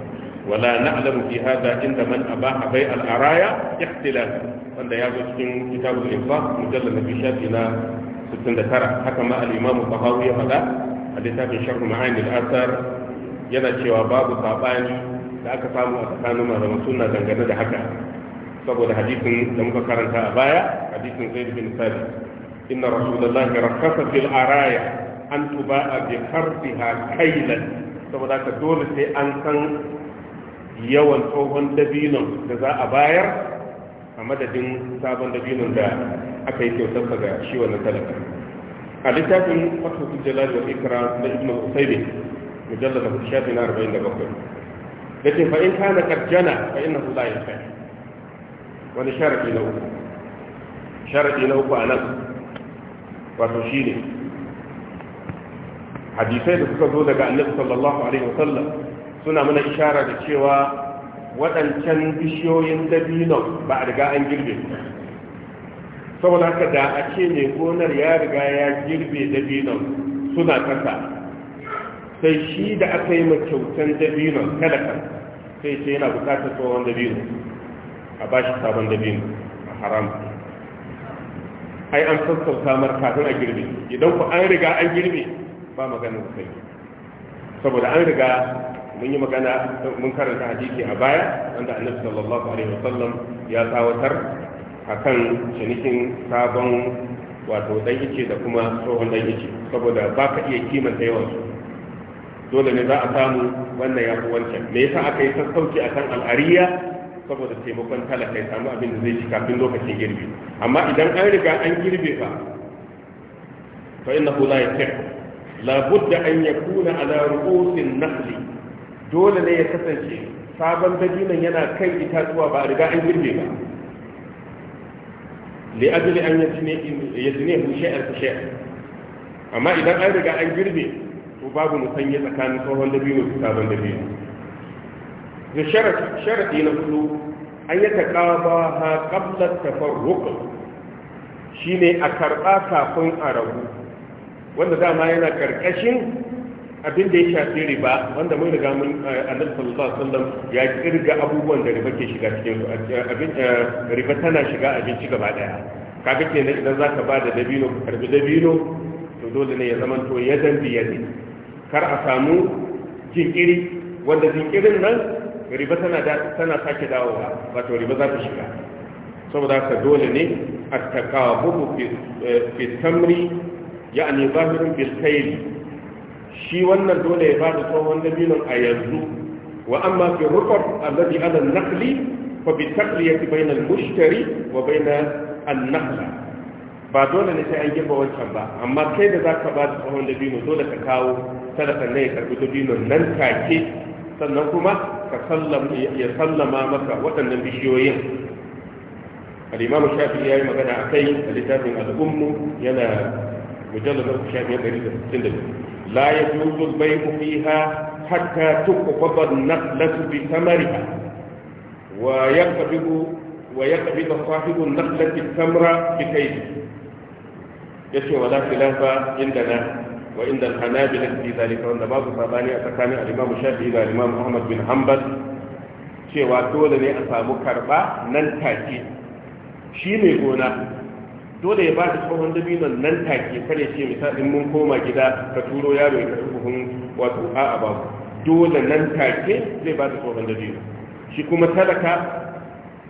wala alamu fi hada inda man a bai al'araya araya wanda ya zo cikin kitabul infaq mujallal na shafi na 69 haka ma al-imam Bahawi ya faɗa a littafin sharh ma'ani al-athar yana cewa babu saɓani da aka samu a tsakanin malaman suna dangane da haka saboda hadisin da muka karanta a baya hadisin zaid bin sabit inna rasulullahi rakkasa fil araya an a bi harfiha kailan saboda ka dole sai an san yawan tsohon dabinon da za a bayar a madadin sabon dabinon da aka yi kyautarsa ga shi wannan talaka a littafin fasasul jalal wa ikra na ibn usaymin mujallal da hudu shafi na arba'in da bakwai da ce fa in karjana fa inna hu la yasai wani sharadi na uku sharadi na uku a nan wato shine hadisai da suka zo daga annabi sallallahu alaihi wasallam suna mana ishara da cewa waɗancan bishiyoyin dabino ba a riga an girbe saboda haka da a ce gonar ya riga ya girbe dabino suna ƙasa sai shi da aka yi makyautan dabino talaka sai ce yana bukatar tsohon dabino a ba shi sabon dabino a haram ai an sassauta mar kafin a girbe idan ku an riga an girbe ba maganin sai saboda an riga mun yi magana mun karanta hadisi a baya wanda annabi sallallahu alaihi wasallam ya tsawatar akan cinikin sabon wato dan yace da kuma tsohon dan yace saboda ba ka iya kimanta yawan su dole ne za a samu wannan ya fi wancan me yasa aka yi sassauci kan al'ariya saboda taimakon talaka ya samu abin da zai ci kafin lokacin girbi amma idan an riga an girbe fa fa hu la yasih la budda an yakuna ala ru'usin nakhli dole ne ya kasance sabon dabinan yana kai itatuwa ba a riga an girbe ba li ajli an hu shay'an shay'an amma idan an riga an girbe ko babu musanye tsakanin tsohon dabino da sabon dabino da sharaɗi na hudu an yi taƙaba ha tafar tafarruƙa shi ne a karɓa kafin a rabu wanda dama yana ƙarƙashin abin da ya shafi riba wanda mun riga mun eh, annabi sallallahu ya kirga abubuwan da riba ke shiga cikin abin eh, riba tana shiga abinci gaba daya kaga kenan idan zaka ba da dabino ka karbi dabino to dole ne ya zama to ya biyadi kar a samu jinkiri wanda jinkirin nan riba tana tana sake dawowa wato riba za ta shiga saboda haka dole ne at-taqabubu eh, fi tamri ya'ni zahirun bil kayl shi wannan dole ya ba bada tsohon dabinon a yanzu wa amma ke rukar alladhi ala an-naqli fa bi taqliyati bai al-mushtari wa bai na naqla ba dole ne sai an girba wancan ba amma kai da za ka ba da tsohon dabino dole ka kawo sadakan nan ya karbi dabino nan take sannan kuma ka ya sallama maka waɗannan bishiyoyin al'imam shafi ya yi magana a kai a littafin al'ummu yana mujallar na shafi ya ɗari da sittin da la ya juzu bai fiha hatta tukufabar naklasu bi samariha wa ya kabibu wa ya kabibu sahibun naklasi samra bi kai yace wala inda na wa inda al-hanabila fi zalika wanda babu sabani a tsakanin al-imam Shafi'i da al-imam bin Hanbal cewa dole ne a samu karba nan take shi mai gona dole ya ba da tsohon dabinon nan take kare ce misalin mun koma gida ka turo yaro ya karbi buhun wato a'a babu dole nan take zai ba da tsohon dabino shi kuma talaka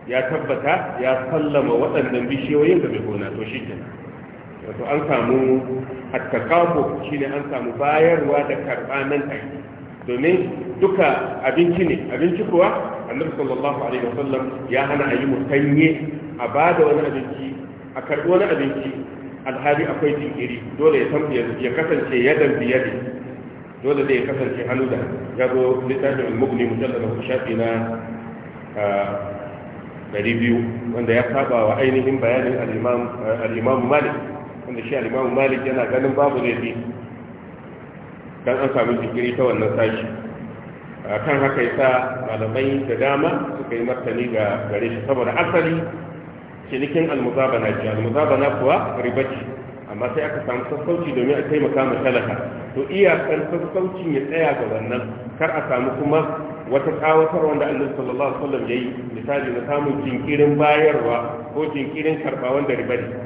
ya tabbata ya sallama waɗannan bishiyoyin da bai gona to shi kenan wato an samu shi ne an samu bayarwa da karba nan take domin duka abinci ne abinci kuwa annabi sallallahu alaihi wasallam ya hana a yi musanye a ba da wani abinci a karbi wani abinci alhali akwai jinkiri dole ya ya kasance yadan biyar dole ya kasance hannu da ya zo littafin al-mughni mujallal shafi na ah, ɗari biyu wanda ya saba wa ainihin bayanin al-imam al malik wanda shi alimamu malik yana ganin babu laifi don an samu jikiri ta wannan sashi kan haka sa malamai da dama suka yi martani ga gare shi saboda asali cinikin almuzabana ce almuzabana kuwa riba amma sai aka samu sassauci domin a taimaka ma talaka to iya sassaucin ya tsaya ga wannan kar a samu kuma wata kawatar wanda annabi sallallahu alaihi wasallam yi. misali na samun jinkirin bayarwa ko jinkirin karba wanda riba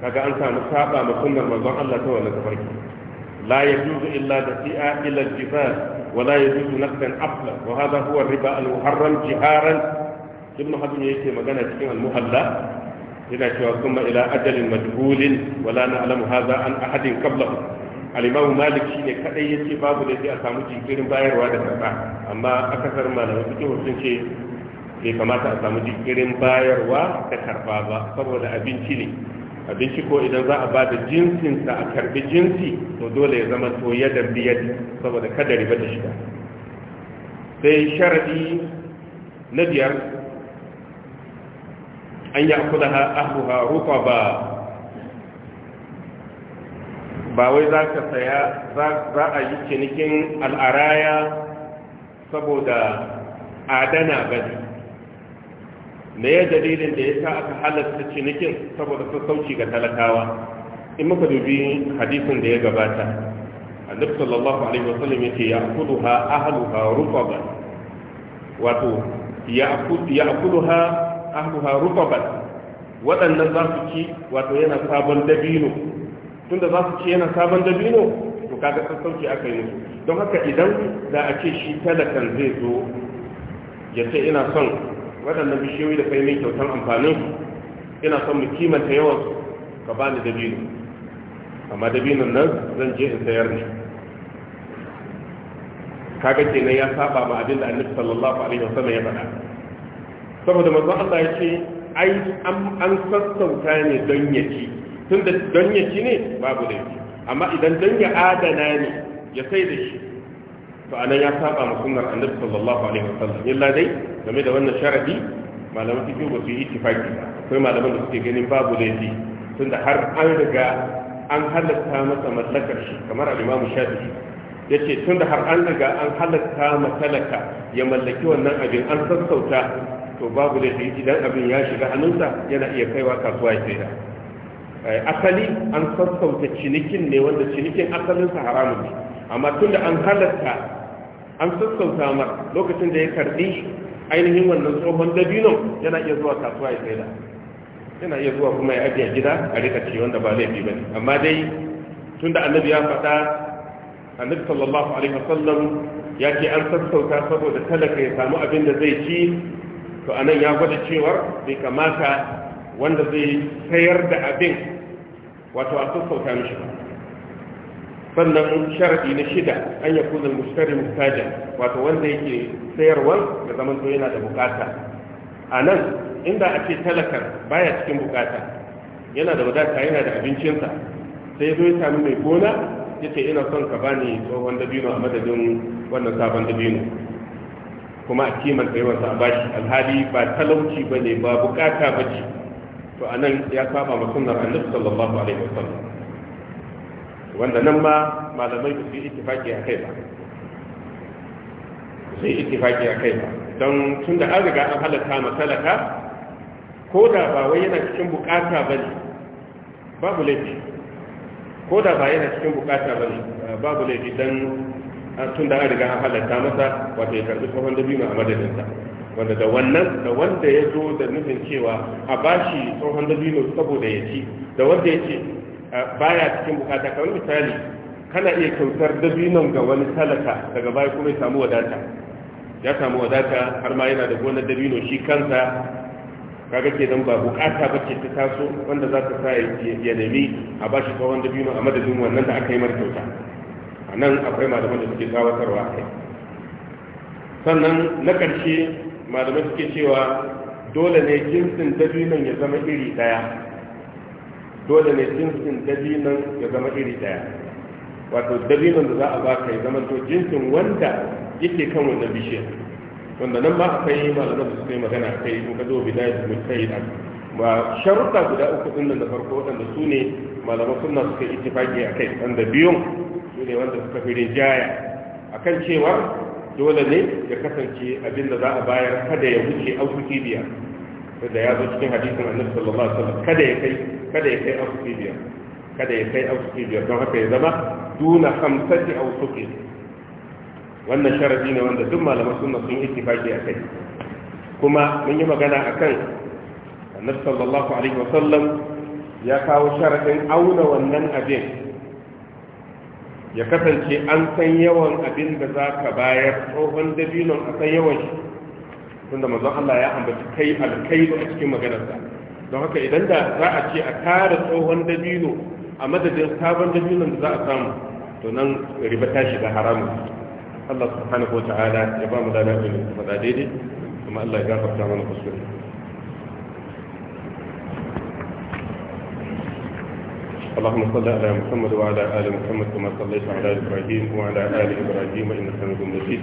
kaga an samu saba ma sunnar manzon Allah ta wannan tafarki la yajuzu illa dafi'a ila al-jibal wa la yajuzu naqdan afla wa hadha huwa riba al-muharram jiharan ibn hazm yake magana cikin al-muhalla yana cewa kuma ila ajalin majhulin wa la na'lamu hadha an ahadin qablahu al-imam malik shine kadai yace babu da sai a samu jinkirin bayarwa da karba amma akasar malamai fiqh sun ce bai kamata a samu jinkirin bayarwa da karba ba saboda abinci ne abinci ko idan za a ba da jinsinsa a karbi jinsi to dole ya zama to yadda biyar saboda kada riba da shiga sai sharadi na biyar an yi akula ha ahuha rufa ba ba wai za ka saya za a yi cinikin al'araya saboda adana ba ne me ya dalilin da ya sa aka halatta cinikin saboda sassauci ga talakawa in muka dubi hadisin da ya gabata annabi sallallahu alaihi wasallam yake ya akuduha ahluha rufaban wato ya akudu ya akuduha ahluha rufaban waɗannan za su ci wato yana sabon dabino tunda za su ci yana sabon dabino to kaga sauki aka yi musu don haka idan da a ce shi talakan zai zo ya ce ina son waɗannan bishiyoyi da kai min kyautar amfanin ina son mu kimanta yawan ka ba ni dabino amma dabinon nan zan je in sayar ne kaga kenan ya saba ma abin da annabi sallallahu alaihi wasallam ya faɗa saboda manzon Allah ya ce ai an sassauta ne don ya ci tun da don ya ci ne babu laifi amma idan don ya adana ne ya sai da shi to anan ya saba ma sunnar annabi sallallahu alaihi wasallam illa dai game da wannan sharadi malaman cikin ba su yi ittifaki akwai malaman da suke ganin babu laifi tunda har an riga an halatta masa mallakar shi kamar shafi'i ya ce tun da har an riga an halatta matalaka ya mallaki wannan abin an sassauta to babu laifi idan abin ya shiga hannunsa yana iya kaiwa kasuwa ya saida eh, asali an sassauta cinikin ne wanda cinikin asalinsa haramun ne amma tun da an halatta an sassauta mar lokacin da ya karbi ainihin wannan tsohon dabinon yana iya zuwa kasuwa ya saida yana iya zuwa kuma ya ajiye gida a rika ce wanda ba laifi ne. amma dai tunda annabi ya faɗa annabi sallallahu alaihi wasallam ya ce an sassauta saboda talaka ya samu abin da zai ci to anan ya gwada cewar bai kamata wanda zai sayar da abin wato a sassauta mishi ba sannan sharadi na shida an ya kuzin mushtari mustajan wato wanda yake sayarwa da zaman to yana da bukata a nan inda a ce talakar baya cikin bukata yana da wadata yana da abincinsa sai zo ya sami mai gona ya ce ina son ka bani tsohon dabino a madadin wannan sabon dabino kuma a kiman tsayuwarsa a bashi alhali ba talauci ba ne ba bukata ba ce to a nan ya saba ma sunnar annabi sallallahu alaihi wasallam wanda nan ma malamai su yi ittifaki a kai ba su yi ittifaki a kai ba don tun da an riga an halatta masalaka ko da ba wai yana cikin bukata ba ne babu laifi ko da ba yana cikin bukata ba ne babu laifi don tun da an riga an halatta masa wata ya karbi tsohon dabino a madadinsa wanda da wannan da wanda ya zo da nufin cewa a bashi tsohon dabino saboda ya ci da wanda ya ce baya cikin bukata kamar misali kana iya kyautar dabinon ga wani talaka daga baya kuma ya samu wadata ya samu wadata har ma yana da gonar dabino shi kansa kaga ke dan ba bukata ba ce ta taso wanda za ka sa ya nemi a ba shi tsawon dabino a madadin wannan da aka yi mara kyauta a nan akwai malaman da suke tsawatarwa a sannan na ƙarshe malamai suke cewa dole ne jinsin dabinon ya zama iri ɗaya dole ne jinsin dabinan ya zama iri daya wato dabinan da za a baka ya zama to jinsin wanda yake kan wannan bishiyar wanda nan ba ma kai malaman da suka yi magana kai, in ka zo da. mujtahid ba sharuɗa guda uku din nan da farko waɗanda su ne malaman suna suka yi a kai. wanda biyun su ne wanda suka fi rinjaya kan cewa dole ne ya kasance abin da za a bayar kada ya wuce auku kibiya da ya zo cikin hadisin annabi sallallahu alaihi wasallam kada ya kai kada ya kai ausuki biyar kada ya kai ausuki biyar don haka ya zama tuna duna hamsati ausuki wannan sharadi ne wanda duk malaman suna sun yi ittifaki a kai kuma mun yi magana a kan annar sallallahu alaihi wasallam ya kawo sharadin auna wannan abin ya kasance an san yawan abin da za ka bayar tsohon dabinon a san yawan shi tunda mazan Allah ya ambaci kai alkailu a cikin maganarsa don haka idan da za a ce a tara tsohon dabino a madadin sabon dabino da za a samu to nan riba ta shiga haramun Allah subhanahu wa ta'ala ya ba mu dana ilmi da fada daidai kuma Allah ya gafarta mana kusuri اللهم صل على محمد وعلى ال محمد كما صليت على ابراهيم وعلى ال ابراهيم انك حميد مجيد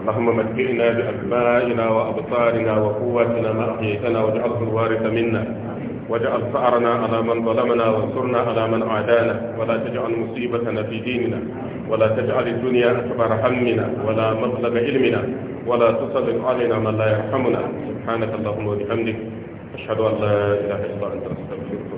اللهم مكننا بأسمائنا وأبصارنا وقواتنا ما أحييتنا واجعله الوارث منا واجعل ثأرنا على من ظلمنا وانصرنا على من عادانا ولا تجعل مصيبتنا في ديننا ولا تجعل الدنيا أكبر همنا ولا مطلب علمنا ولا تصدق علينا من لا يرحمنا سبحانك اللهم وبحمدك أشهد أن لا إله إلا أنت أستغفرك